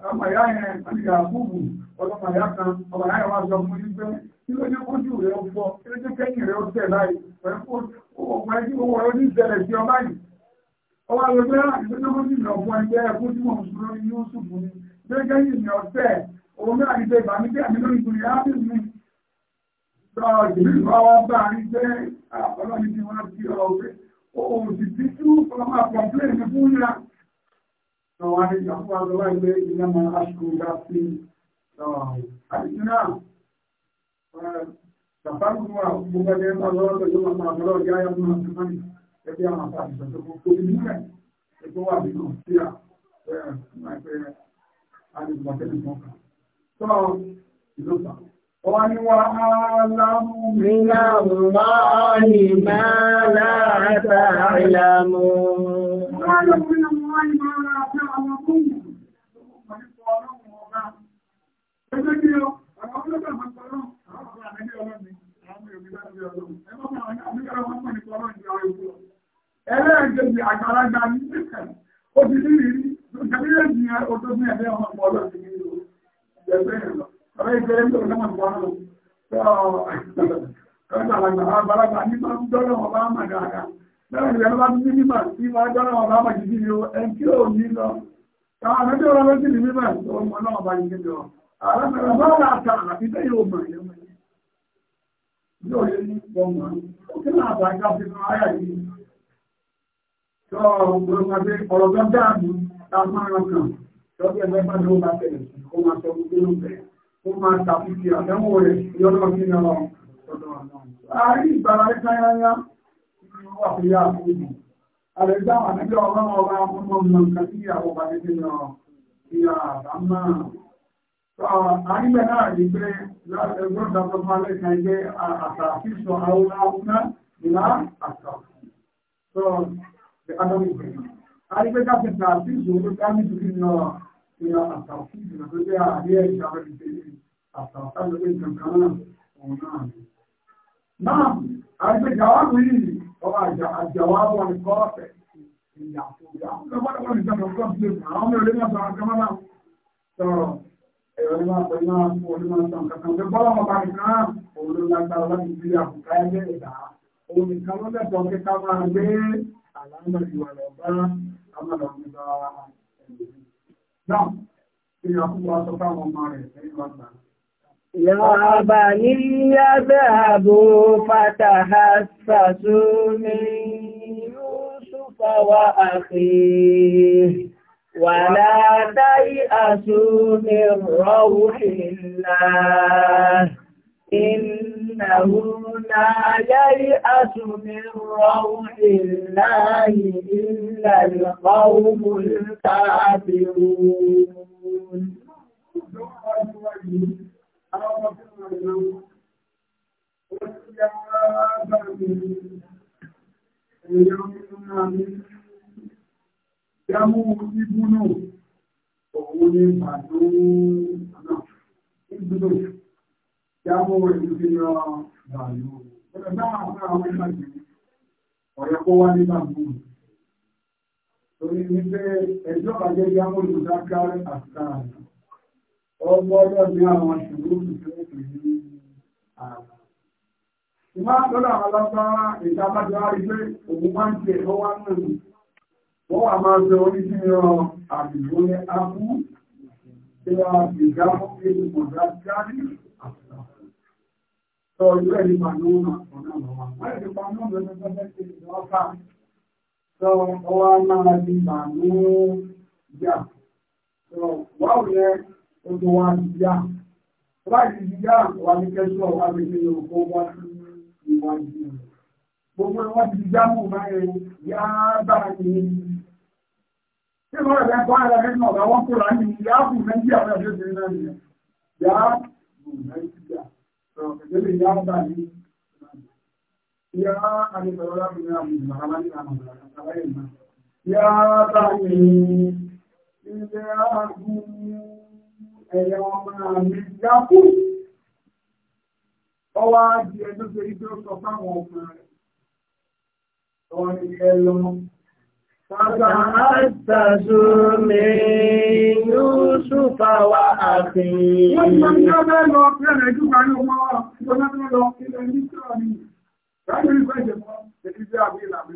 ọmọ àyà yẹn àti Yàkúbù ọlọ́mọ àyà kan ọmọ àyà wa sọ fún yí pé kí ló ní kójú rẹ̀ ó fọ́ kí ló ní kẹ́yìn rẹ̀ ó tẹ̀ láì pẹ̀lú owó ẹjú owó ẹ̀ ó ní ìṣẹ̀lẹ̀ sí ọwọ́ ẹgbẹ́ ìgbẹ́lógún ní ìrọ̀bọ̀ ẹgbẹ́ ẹkún tí wọ́n mú lórí Yúsùfù ni gẹ́gẹ́ yìí ní ọ̀sẹ̀ òun náà ní pé ìbànújẹ́ àmì lórí ìgbìmọ̀ yáàbì mi lọ ìgbìmọ̀ ọwọ́ bá rí pé ọlọ́ni tí wọ́n ti ọ pé òun sì ti tú ọmọ àpọ̀pẹ́ mi fún yíra àwọn àdìyàwó àlọ́wà ilé ilé ọmọ aṣọ ìgbà sí àdìsí náà bàbá gbogbo àwọn gbogbo ẹgbẹ́ ọlọ́wọ́ pẹ̀lú ọmọ àbọ̀lọ́ ìyá ẹ̀kún àti mọ́nì ẹgbẹ́ àwọn àpá ìṣẹ̀tọ́ gbogbo inú rẹ̀ ẹgbẹ́ wà nínú sí à ẹgbẹ́ alìgbàtẹ́lẹ̀ mọ́ka. tó ìlú wọ́n ní wà á lámú mi láàmú ní máa láàtà ìlàmú. wọ́n lọ fún ọmọ wọn ni máa ra àti àwọn kóńgù. Ẹgbẹ́ kí ọ, àwọn máa ń pọ̀ lọ́wọ́, ní ọlọ́run ni, àwọn ọmọ ìròyìn bá ń bí ọlọ́run. Ẹgbẹ́ ẹlẹ́ẹ̀kejì àgbàlagbà ní ìpínlẹ̀ ó ti ní ìrírí ìjọba ní ọdún ní ẹgbẹ́ ọmọ ọmọ ọlọ́run ti ní ìlú ẹgbẹ́ ìlú ọ̀rẹ́ ìgbẹ́ ìlú ọ̀rẹ́ ìgbẹ́ ìlú ọ̀rẹ́ àgbàlagbà ní máa ń dọ́rọ̀ ọba àmà dáadáa lẹ́yìn ìyẹn bá ní mímọ̀ sí máa dọ́rọ̀ ọba àmà jìbí ni ó ẹn tí ò ní lọ táwọn àgbẹ̀jọ́ ọba ló sì ní mímọ̀ tó ń mọ̀ náà bá yìí lọ àlọ́kọ̀ọ́ bá wà ta àbí bẹ́ẹ̀ yóò mọ̀ yẹn mọ̀ yóò yẹ ní pọ̀ mọ̀ ó kí náà bá yá fi máa yà yìí tó ọgbọ̀nmọdé ọ̀rọ̀gbọ́n dáàbò lágbára kan lọ́gbẹ̀ mẹ́fà ló máa tẹ̀lé kó máa sọ gbogbo ló bẹ̀ kó máa tàbíkì àdánwò rẹ̀ yọ́nà kí ni ọ̀rọ̀ àárín ìgbàlá káyáyá wà fún yá àkókò àlẹ́gbà àti ọlọ́run ọba ọmọ ọmọ nǹkan tí ìyàwó bá dédé lọ ìyá àbámá àrígbẹ̀ náà rí pé lọ́gbọ́dọ̀ tó máa lẹ́sàn ẹgbẹ́ àtàkì sọ àwọn ọmọ náà ìlà àtàkì Àrígbẹ́ká ti tààtí ìṣòro ká ní ìdúrí náà ní àtàkì ìdìnà tó jẹ́ àrí ẹ̀ṣà rẹ̀ ìṣẹ́lẹ̀ àtàkà lórí ìkankan náà òun náà ni. Náà, àrígbẹ́ká wà ní ọba àjàwà wọn ni kọ́ ọ̀fẹ́ ìyàtọ̀ ìyàtọ̀ lọ́pọ̀lọpọ̀ ìjọba àlàáfíà ìwà lọ́ba amọ̀lọ́gbẹ̀dá ẹ̀mí. náà ṣe àkókò aṣọ fáwọn ọmọ rẹ̀ lẹ́yìn ọgbà. إنه لا ييأس من روح الله إلا القوم الكافرون Yàmú ibùnú, òun ni màdó náà, ibùnú jábọ̀ ìdíje lọ bàálù ọ̀rẹ́ bá àwọn àwọn ìlàjì ọ̀rẹ́ kó wá ní bàbú torí ní pé ẹjọ́ àjẹ́ jábọ̀ ìdíje kárí àtàrí ọgbọ́dọ̀ ní àwọn ìṣòro tuntun ìlú ààrẹ ìmáà lọ́dọ̀ àwọn alágbára ìta bájọ wáyé pé òun máa ń tẹ̀ lọ́wọ́ náà wọ́n wà sọ irú ẹni máa ní wọn àpọ̀ náà lọ́wọ́ wọ́n ti pa mọ́ lọ́dọ́ tó fẹ́ ṣe ìlọ́fà sọ ọwọ́ máa di máa ní yà sọ wáwù yẹn ó tó wá di yà tó bá ti di yà wà ní kẹsùn ọ̀wá mi ní òkú wá sí ìwádìí rẹ̀ gbogbo wọn Jadi yang Ya kami berulang punya pengalaman sama lain. Ya tadi Ya aku Ẹ̀yọ́ máa mi yákú. Ọwọ́ á di ẹjọ́ pé ìjọ́ sọ fáwọn ọkùnrin. Ọwọ́ ni ẹ lọ́mọ. Fàtàtàzù mi Yúsùfà wa àfihì. Wọ́n ti máa ń jẹ́ bẹ́ẹ̀ lọ pé ẹ̀rẹ̀ jùgbà ní ọmọ ìjọba tó lọ ilẹ̀ ní sọ́ọ̀ ni. Láti rí pẹ́jẹ̀ mọ́, èdè jẹ́ àbí ìlàmí.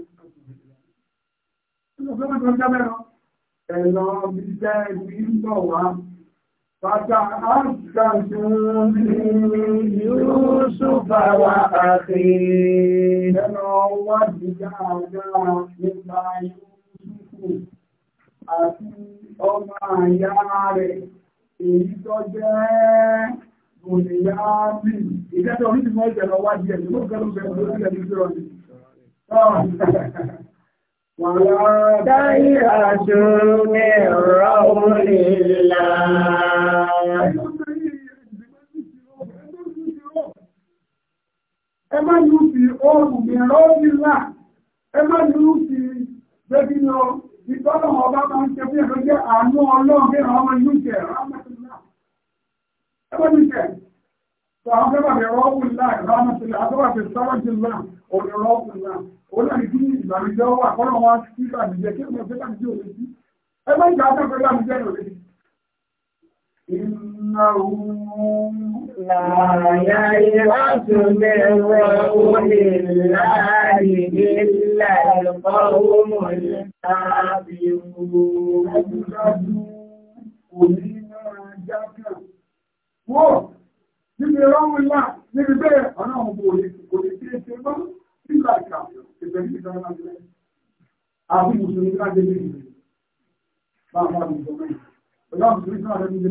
Ọjọ́ mẹ́ta ń jẹ́ bẹ́ẹ̀ lọ. Ẹ̀lọ́ bí jẹ́ ìbí ń bọ̀ wá. Fàtàtàzù mi Yúsùfà wa àfihì. Ẹ̀lọ́ wá àti ọmọ àyà rẹ̀ èyí tó jẹ́ gùnìyàbì ìkẹta orí ti mọ́ ìjẹ̀lọ wá díẹ̀ tó gẹ́rù bẹ̀rẹ̀ lórí ẹ̀mí tí ó ní Dáyé àjò ní ọ̀rọ̀ orí ìlà. Ẹ má ní ó fi ẹ má ní ó fi náà ìtọ́nà ọba máa ń ṣe fún ẹ̀rọ jẹ́ àánú ọlọ́run bí àwọn ọmọ inú jẹ́ rámọ́tìlá ẹgbẹ́ mi jẹ́ tó àwọn fẹ́ bàbẹ̀ rọ́ọ̀kùn láì rámọ́tìlá àtọ́bàbẹ̀ sọ́rọ̀jìlá òní rọ́ọ̀kùn láì òun náà ní kí ìgbàlejò wà kọ́nà wọn sí ìbànújẹ́ kí wọ́n fẹ́ bàbẹ̀ òun sí ẹgbẹ́ ìjà àtọ́fẹ́ bàbẹ̀ òun sí. لا ييأس من روح الله إلا القوم الكافرون Níbi ìrọ́wọ́ ńlá níbi bẹ́ẹ̀ ọ̀nà ọ̀bọ̀ òlìsí ẹ̀ṣẹ́ mọ́ nígbà ìkàfẹ́ ìbẹ̀rẹ̀ ìdára láti rẹ̀. Àwọn ìmùsùn ní láti lè rìn. Bá a máa bùsọ̀ mẹ́rin. Ọlọ́run tó ní sọ́rọ̀ ní ilé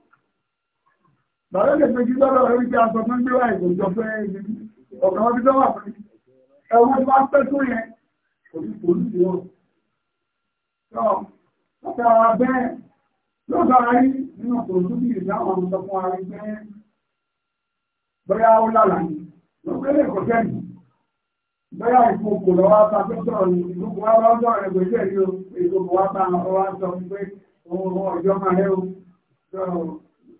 Bàbá lè fẹ́ jí lọ́rọ̀ rẹ̀ wípé aṣọ fún gbé wà ìgbòjọ fẹ́ ọ̀kan ọdún tó wà fún mi. Ẹ̀wọ́n tó bá pẹ́ tó yẹn, òbí kò ní ìwọ̀n. Sọ, ọ̀pọ̀ ara bẹ́ẹ̀ ló sára rí nínú kò tún bí ìdáhùn ọmọ fún ara rí bẹ́ẹ̀. Bóyá ó lálà ní, ló pé lè kọ́ sẹ́yìn. Bóyá ìfowópò lọ́wọ́ ta tó sọ̀rọ̀ ní ìdókòwò wá ọjọ́ rẹ̀ gbèsè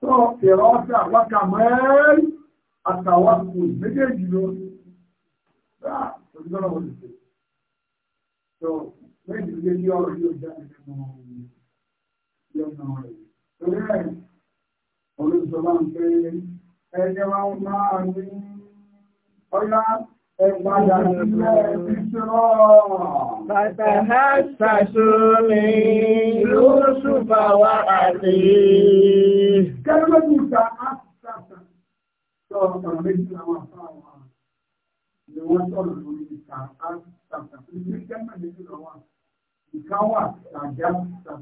tó kẹrọ ọdẹ àwákà mẹ́rin àtàwà kò méjèèjì ló bá òṣìṣọ́nà wọ́n ti tó méjì lé ní ọ̀rọ̀ yóò jáde nínú yọ̀nà rẹ̀ torí ẹ̀ olùsọ̀rọ̀ ń pé ẹ̀jẹ̀ máa ń máa ní ọ̀yá Fàtàhásàṣúmi Yúsùfà wà àti Kẹ́lẹ́gbẹ̀ta àṣàṣà sọ ọ̀rọ̀ méjì àwọn àfáàwà ni wọ́n sọ̀rọ̀ lórí ìta àṣàṣà ní kẹ́mẹ̀ méjì Ìkáwà tàjá àṣàṣà.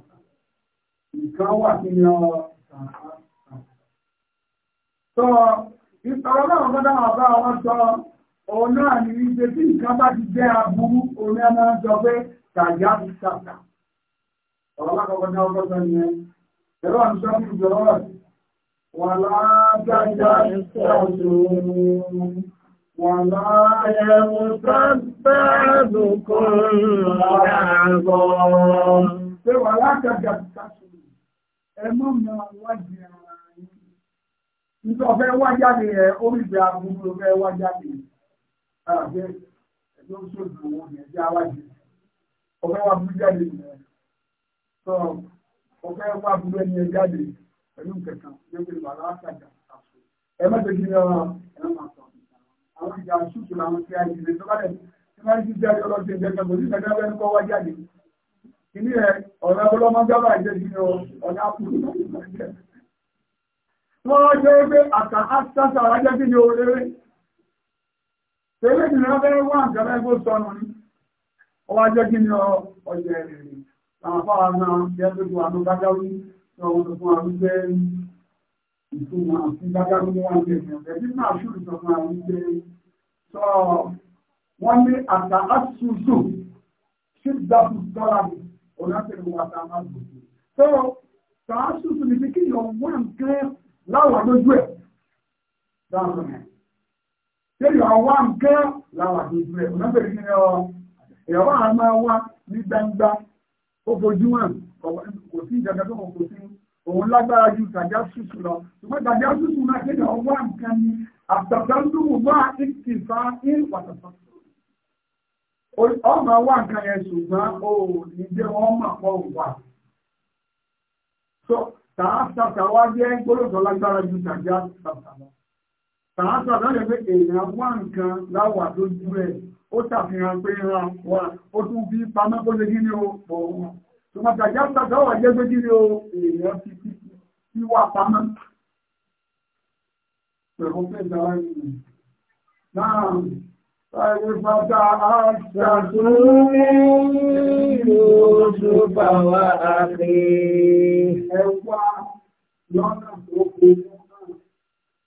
Sọ ìtọ̀rọ̀ náà mọ́dá àwọn bá wọn sọ òun náà ní wípé tí nǹkan bá ti jẹ́ aburú orí ẹ̀ máa ń sọ pé tàyà ti sàtà ọ̀rọ̀ lákọ̀ọ́kọ́ ní ọkọ̀ sọ yẹn ẹ̀rọ àti sọ́kù ìjọba rẹ̀ wà lágbájá ìṣàṣùn wà láyẹ̀wò sábẹ́ àdùkún àgọ́ pé wà lágbájá ìṣàṣùn ẹ mọ̀ mọ́ wájú ara yín àbẹ ẹjọ́ sódò owó ní ẹjẹ́ awájú ọ̀fẹ́ wa burú jáde nìyẹn sọ ọ̀fẹ́ wa burú ẹni ẹ jáde pẹ̀lú kẹta lórí wàhálà àtàjà àṣọ ẹ má tẹ̀sí ní ọ̀rọ̀ ẹ má sọ àwọn ìjà ṣùkú làwọn ti àyè ìrètí wọn lẹ tí wọn ti jáde ọlọ́sẹ̀ ìjẹta kò sí ìjẹta bẹ́ẹ̀ kọ́ wá jáde ìní ẹ ọ̀rẹ́ ọlọ́mọ jábà ìjẹ́ sí ọ ọ̀nà àpòlù wọ́n jẹ́ pé àtàkásásà rájẹ́ sí ni ó rere Tẹ́lẹ̀ ni wọ́n bẹ́rẹ̀ wà nǹkan ẹgbó sọnù ní. Ó wá jẹ́ kí ni ọjọ́ ẹ̀rìn. Àwọn afáwà náà jẹ́ tó ju àánú bágáwí tí wọ́n tó fún àwọn jẹ́ ìtumọ̀ àti bágáwí ní wọ́n jẹ́ ìrìn. Ẹ̀bí máa ṣùrù sọ fún àwọn jẹ́ sọ wọ́n ní àtà àtúntò ṣí dákú tọ́lá mi onáṣẹ́lú àtà àmàgbòkè. Tó tàá ṣùtù ní kí yọ̀ wọ́n nǹkan láwọn lójú ẹ̀ dáhùn ẹ̀ kéèyàn wá nǹkan láwọn àdójú rẹ̀ ọ̀nà bẹ̀rẹ̀ ní ọ èèyàn wá máa wá ní gbangba ó fojú hàn kò sí ìjọba tó kò sí òun lágbára ju tàjá ṣùṣù lọ ṣùgbọ́n tàjá ṣùṣù náà kéèyàn wá nǹkan ní àtàtàndùn wá ìtìfà ìlú pàtàkì ọmọ wá nǹkan yẹn ṣùgbọ́n ó ní jẹ́ wọ́n mà pọ̀ wà so tàá tàtà wá jẹ́ gbọ́dọ̀ tó lágbára ju tàjá ṣùṣù lọ. Tàátà lọ́rẹ̀ pé èèyàn wá nǹkan láwà tó jú ẹ̀, ó tàfihàn pé ìran wà, ó tún bí pamọ́ kó lè kí ní o pọ̀ wọn. Ṣùgbọ́n tàjá tàjá wà jẹ́ pé kí ní o èèyàn ti ti wà pamọ́. Pẹ̀lú pé ìdára ìrìn. Náà, Fáyé fata aṣàtúnmí lóṣù bàwà àfẹ́. Ẹwà lọ́nà tó kéré.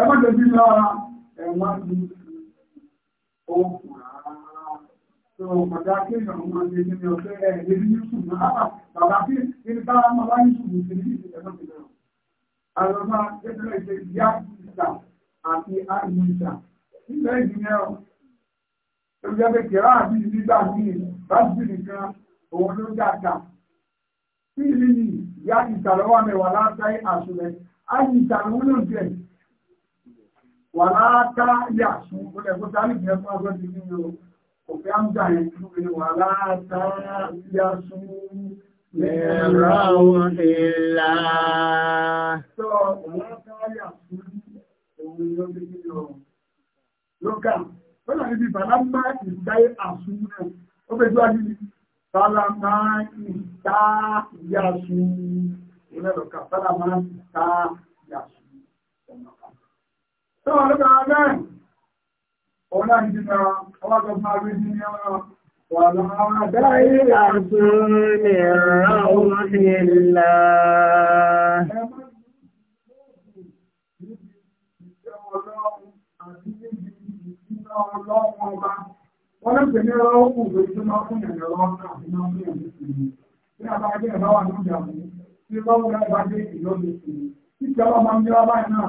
ẹgbẹ́ tó bí lọ́ra ẹ̀wọ̀n ní oògùn rárá tó ọ̀dá kí èèyàn máa ṣe ní ọ̀fẹ́ ẹ̀ẹ́dẹ́ ní ṣùgbọ́n náà bàbá kí ní bá máa bá ní ṣùgbọ́n sí ní ìṣẹ̀lẹ̀ tó lọ. àlọ́mà ẹgbẹ́ ìṣe ìyá ìṣà àti àìyíṣà nílẹ̀ ìgbìyàn ọ̀ tó jẹ́ pé kẹ̀rọ àti nígbà míì bá sì òun ló dàgbà sí ìlú yìí ìyá ìṣà mẹ́wàá láti àṣùlẹ̀ àìyíṣà ló ń wà láàtà yà sún ọ̀rẹ́ fún sáàlì yẹn fún agbẹ́ ti nílò òfin àmúgbà yẹn tún fi wà láàtà yà sún lẹ́rọ ìlà. sọ wà láàtà yà sún òun ló fi nílò lókà wọ́n náà níbi bàlámà ìdáyé àsún náà ó fẹ́ jọ́ àdínní bàlámà ìdá yà sún tó wà lọ́gbà abẹ́ òun náà ti na ọwọ́gbà fún agbé ní ọ̀rọ̀ wà lọ́wọ́ dáyé àtún lè rán òun nílá Wọ́n lè pè ní ọwọ́ òkùnrin tó máa fún ìrìnlọ́wọ́ náà fún ọmọ ìrìnlọ́wọ́. Bí a bá jẹ́ ìbáwà ní ìjàmù, tí lọ́wọ́ láìbá jẹ́ ìlọ́gbẹ̀ẹ́ sí. Tí ìjọba máa ń jẹ́ ọba náà,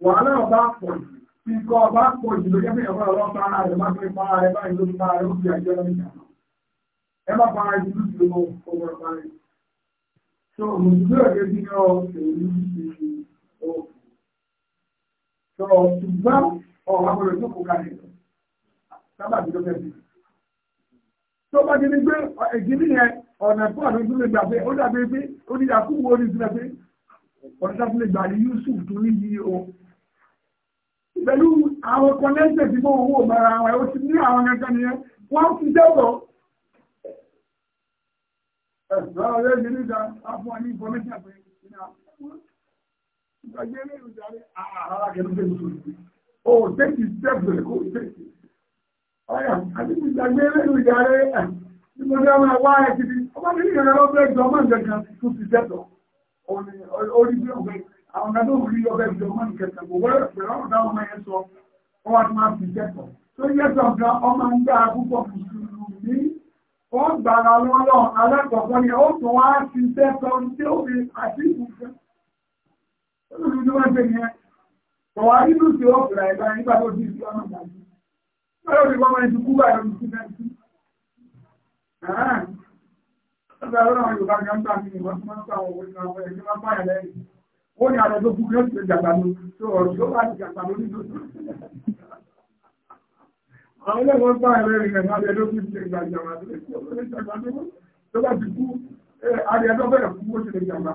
wàhálà ọba pọ̀ jù ikọ̀ ọba pọ̀ jù ló jẹ́ pé ọba ọlọ́ pa rẹ̀ má fi pa ara rẹ̀ pa ara rẹ̀ ó fi àjọ lọ́wọ́ pa ara ìlú ju ọmọ so mùsùlùmí ọ̀gẹ́ bí ní ọ èyí so ṣùgbọ́n ọ̀rọ̀ àbọ̀rẹ̀ tó kò kalẹ̀ sábà bí ló fẹ́ bí tó bá ti ní pé ìdílé yẹn ọ̀nà fún àwọn ìdílé gbà pé ó dàbí pé ó ní àkúwò orí ìdílé pé ọ̀nà sábà lè gbà tó ní yí pẹ̀lú àwọn kọ́nẹ́tẹ̀ tí wọ́n wò mọ́ra àwọn ẹ̀wọ́ ti ní àwọn ẹ̀kan nìyẹn wọ́n ti dẹ́wọ̀ ẹ̀sọ́ ọ̀rẹ́ mi níta fún ọ ní information pé ìgbàgbé ní ìjàre àrà kẹ́lú pé mo ò tẹ́kì stẹ́pù rẹ̀ kó tẹ́kì ọ̀yà àti ìgbàgbé ní ìjàre ẹ̀ ní mo dẹ́ máa wá ẹ̀ kiri ọba mi ní àwọn ọ̀gá tó rí ọbẹ̀ ìjọba ìkẹta kò wọ́n pẹ̀lú ọ̀gá ọmọ yẹn sọ ọ wá tó máa fi kẹ́kọ̀ọ́ tó yẹ sọ ọ̀gá ọmọ ń gbà púpọ̀ mùsùlùmí ó gbàrà lọ́wọ́ alákọ̀ọ́kọ́ ni ó tún wá sí sẹ́kọ̀ tí ó fi àti ìfúnfẹ́ olùdí ni wọ́n ṣe yẹn ọ̀wá nínú tí ó fìlà ẹ̀gbà nígbà tó di ìjọba náà dájú báyọ̀ ni wọ́n ti kú báyọ̀ ní sí náà sí ọ̀gá ọlọ́run Yorùbá kan gbà mí ìwọ́n ti máa ń pa àwọn òwe kan ọ̀pọ̀ ẹ̀jẹ̀ máa ń pààyàn lẹ́yìn ó ní àwọn ọdún kúrò ṣe jàgbàmù tó ọ̀rọ̀ tó bá ti jàgbàmù nínú àwọn ẹlẹ́wọ̀n bá ẹ̀rẹ́ rẹ̀ máa lẹ́lọ́ fi ṣe ìgbàjàmà tó bá ti kú ààrẹ ẹjọ́ bẹ̀rẹ̀ kú ó ṣe jàgbà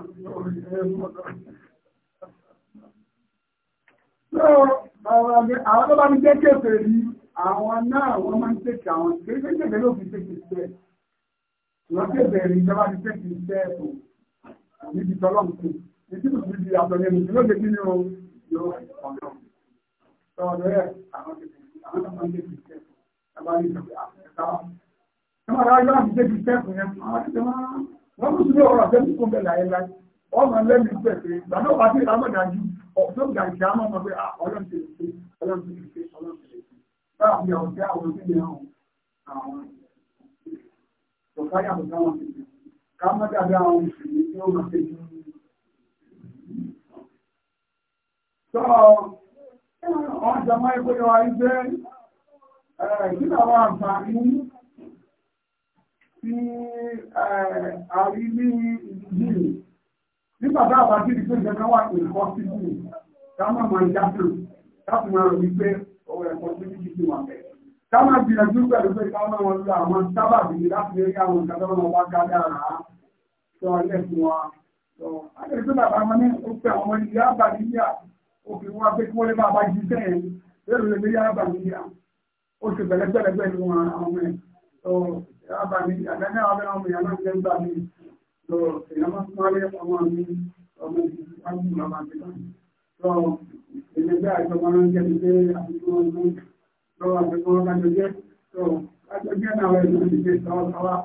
àwọn tó bá ti jẹ́ kéfèé rí àwọn náà wọ́n máa ń tẹ̀kẹ̀ àwọn kéfèé ló fi tẹ̀kẹ̀ iṣẹ́ ìwọ́n kéfèé rí ìjọba ti tẹ̀kẹ̀ iṣẹ́ ẹ̀kọ́ níbi tọ́lọ́mù kù ìdílù ti di àtọ̀ ní mùsùlùmí lóde nínú ní ìjọba yóò ti débi kẹ́kọ̀ọ́ yẹn àwọn ti máa wọ́n mú sílé ọ̀rọ̀ àtẹ́kù fún bẹ́ẹ̀ àwọn òbí mi àwọn ọ̀káyà àwọn òṣèlú tí ó máa ṣe ní So, wọ́n mọ́ ẹgbẹ́ yọ ayé nínú àwọn àǹfààní tí àrí ní ìdíjì nígbàtà àbájí ìpé ìjọba wà ní ẹ̀kọ́ sí ìlú káàmà máa jáfẹ́ láti máa rí pé ọwọ́ ẹ̀kọ́ sí ìdíjì wà bẹ̀. káàmà gbìyànjú pẹ̀lú pé káàmà wọn lọ àwọn sábàbí láti rí àwọn sọ ilé fún wa. obìnrin wa pé kí wọ́n lè máa bá jí sẹ́yìn lórí lè méjì arábà níyà ó ṣe pẹ̀lẹ́pẹ̀lẹ́pẹ̀ ní wọn àwọn ọmọ ẹ̀ tó arábà níyà àtẹ́lẹ́ àwọn ọmọ ìyá náà jẹ́ gbà mí tó èèyàn máa tún wálé ọmọ mi ọmọ ìgbàgbọ́n bàbá mi tó èmi bẹ́ẹ̀ àjọ máa ń jẹ́ pé àbíkú ọmọ tó àbíkú ọmọ kájọ jẹ́ tó kájọ jẹ́ náà ẹ̀ ló ti ṣe sọ́wọ́sọ́wọ́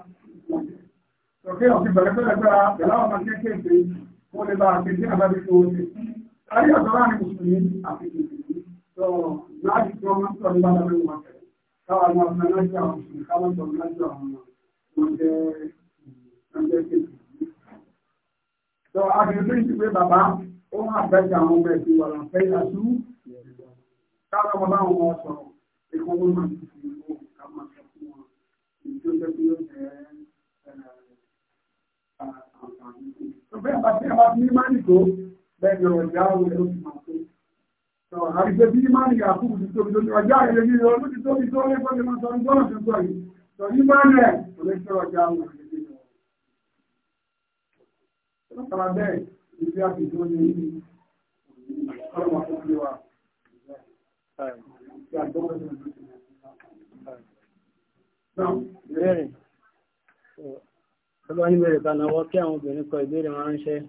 tòkè ọ̀sìn pẹ̀lẹ́pẹ̀lẹ́pẹ̀ ayé ọ̀dọ́ láàrin mùsùlùmí àti kìkìkì tó láti tí wọ́n máa ń sọ nípa lọ́wọ́ wọn tẹ̀lé káwọn ọmọ ọmọ náà jẹ́ àwọn mùsùlùmí káwọn ọmọ náà jẹ́ àwọn ọmọ wọn jẹ́ wọn jẹ́ kìkìkì. tó agbègbè ti pé bàbá ó wà bẹ́ẹ̀ àwọn ọmọ ẹ̀sìn wà láǹfẹ́ ìlàsú káwọn ọmọ báwọn ọmọ sọ̀rọ̀ ẹ̀kọ́ wọn máa ti fi owó ká máa sọ fún bẹ́ẹ̀ni ọ̀rọ̀ ìyáwó rẹ̀ ló ti máa tó. Àrígbé bí máa ní àkúrù ti tóbi lórí ọjà rẹ̀ ní ọdún ti tóbi tó lé fọ́lẹ̀ máa sọ̀rọ̀ gbọ́nà tó sọ yìí. Sọ ní máa rẹ̀ kò lè ṣe ọjà àwọn ìrìnlẹ̀ lọ. Lọ́pàá bẹ́ẹ̀ ni bí a ti tó ní ọlọ́mọ tó fi wa. Ìbéèrè. Ọlọ́yin bẹ̀rẹ̀ bá náwó kí àwọn obìnrin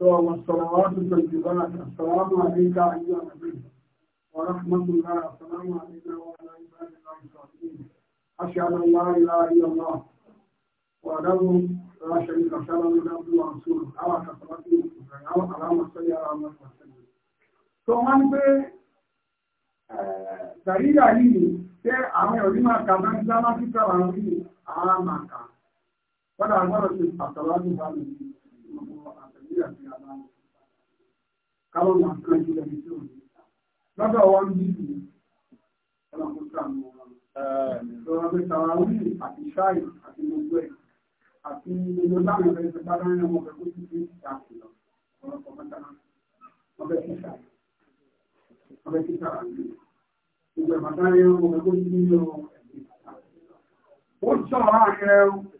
ثم الصلوات الطيبات السلام عليك أيها النبي ورحمة الله السلام علينا وعلى عباد الله الصالحين أشهد أن لا إله إلا الله وأنه لا شريك له أن عبده ورسوله على كثرته على صل على محمد وسلم ثم Dàrídà yìí ni ṣé àwọn ìròyìn máa kà bá ń dá máa títà wà ní àmàkà. Wọ́n dà gbọ́dọ̀ ṣe pàtàkì láti bá mi nígbà tí a bá ń lò káwọn máa kán jù lẹni tí ò ní ìta lọ́dọ̀ wọn ní ìlú ọlọ́run tó àmì wọn lọ́wọ́ pé tàwárí àti ṣáì àti gbogbo ẹ̀ àti gbogbo láwọn ọ̀rẹ́ ìjọba lọ́rin ọmọ ọ̀rẹ́ kó ti fi ìta sí lọ ọ̀rọ̀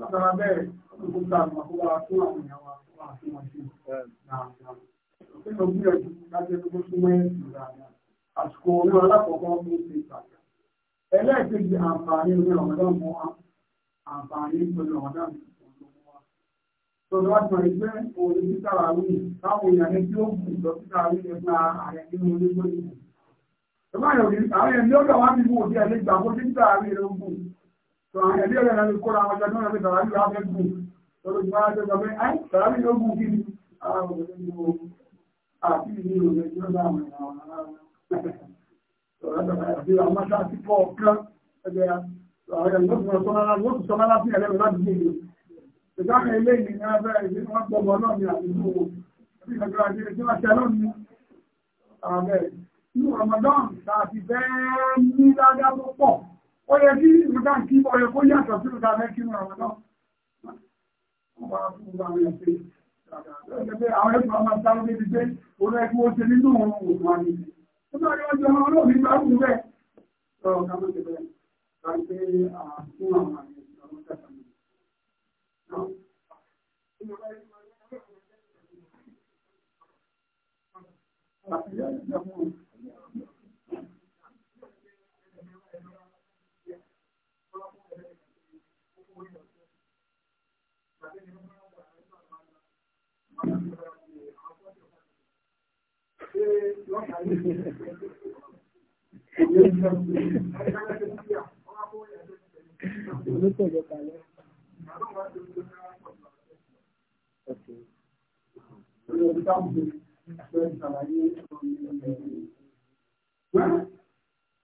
Látara bẹ́ẹ̀, gbogbo ta àmà kó wá fún àwọn èèyàn wa wá fún wọn sí. Òfin ló gbìyànjú láti ẹni tó súnmọ́ ẹ̀sìn dáadáa. Àsìkò orí alákọ̀ọ́kọ́ ló ṣe ìtàjà. Ẹlẹ́ẹ̀kejì àǹfààní orí ọ̀dọ́ mọ́ wa. Àǹfààní pẹ̀lú ọ̀dọ́ mi olówó wa. Tọ́lá ti mọ̀ ẹgbẹ́ orí títà àwí táwọn èèyàn ní tí ó kù lọ títà àwí nípa ààrẹ nínú onígbòyìn ẹbí ọ̀rẹ́ náà ní kóra àwọn ọjọ́ náà ní sàrábì wá fẹ́ gùn lọ́dọ̀ tí wọ́n á jẹ́jọ pé ẹ́ sàrábì ló gùn kí ni àwọn ọmọ ìlú àti ìlú ìròyìn tí ó dáhùn àwọn ọ̀rẹ́ àti àwọn ọmọ sáà ti pọ̀ ọ̀kan ẹgbẹ́ ọ̀rẹ́ ló ti sọmọ́lá sí ẹlẹ́rìí láti gbé ìlú ìdáhùn eléyìí ní abẹ́ ìdí wọn gbọmọ náà ní àdúgbò bí ìgbàgbọ́ àti ìrètí wọn tẹ lónìí ààbẹ̀ ní Ramadan tá a ti fẹ́ ní dáadáa tó pọ̀ ó yẹ kí ìrúdá kí ọ̀yọ̀ kó yàtọ̀ sí ìrúdá mẹ́kí mú àwọn náà wọ́n bá fún gbogbo àwọn ẹ̀sẹ̀ àwọn ẹ̀sùn ọmọ sáré níbi pé orí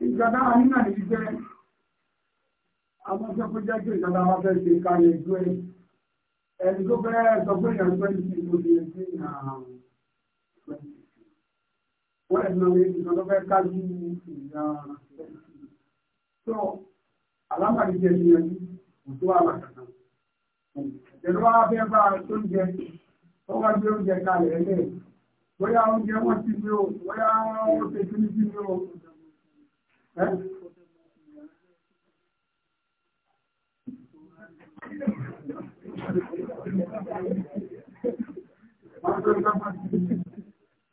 Ìjọba wa nínú àti jẹ́ àwọn tó kó jẹ́ kí ìjọba wa fẹ́ ṣe ká lè gbé ẹni tó fẹ́ sọ pé ìyàwó fẹ́ ṣe ìgbòdì ẹ̀sìn ààrùn wọ́n ẹ̀ lọ rí ìjọ lọ́fẹ́ kájú ìyá tó alábàárí jẹ́ ní ẹni òtó àlàkàtà ìjẹ́lú wa bẹ́ẹ̀ bá tó ń jẹ tó wá gbé oúnjẹ kalẹ̀ ẹlẹ́ bóyá oúnjẹ wọn ti ní o bóyá wọn Thank you.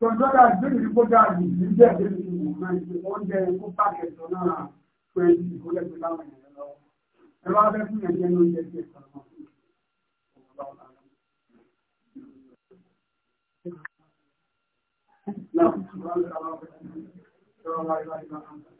Tọ́jọ́dá ìgbèrè ìgbódà ìlú jẹ́ ní oúnjẹ tí ẹ̀sán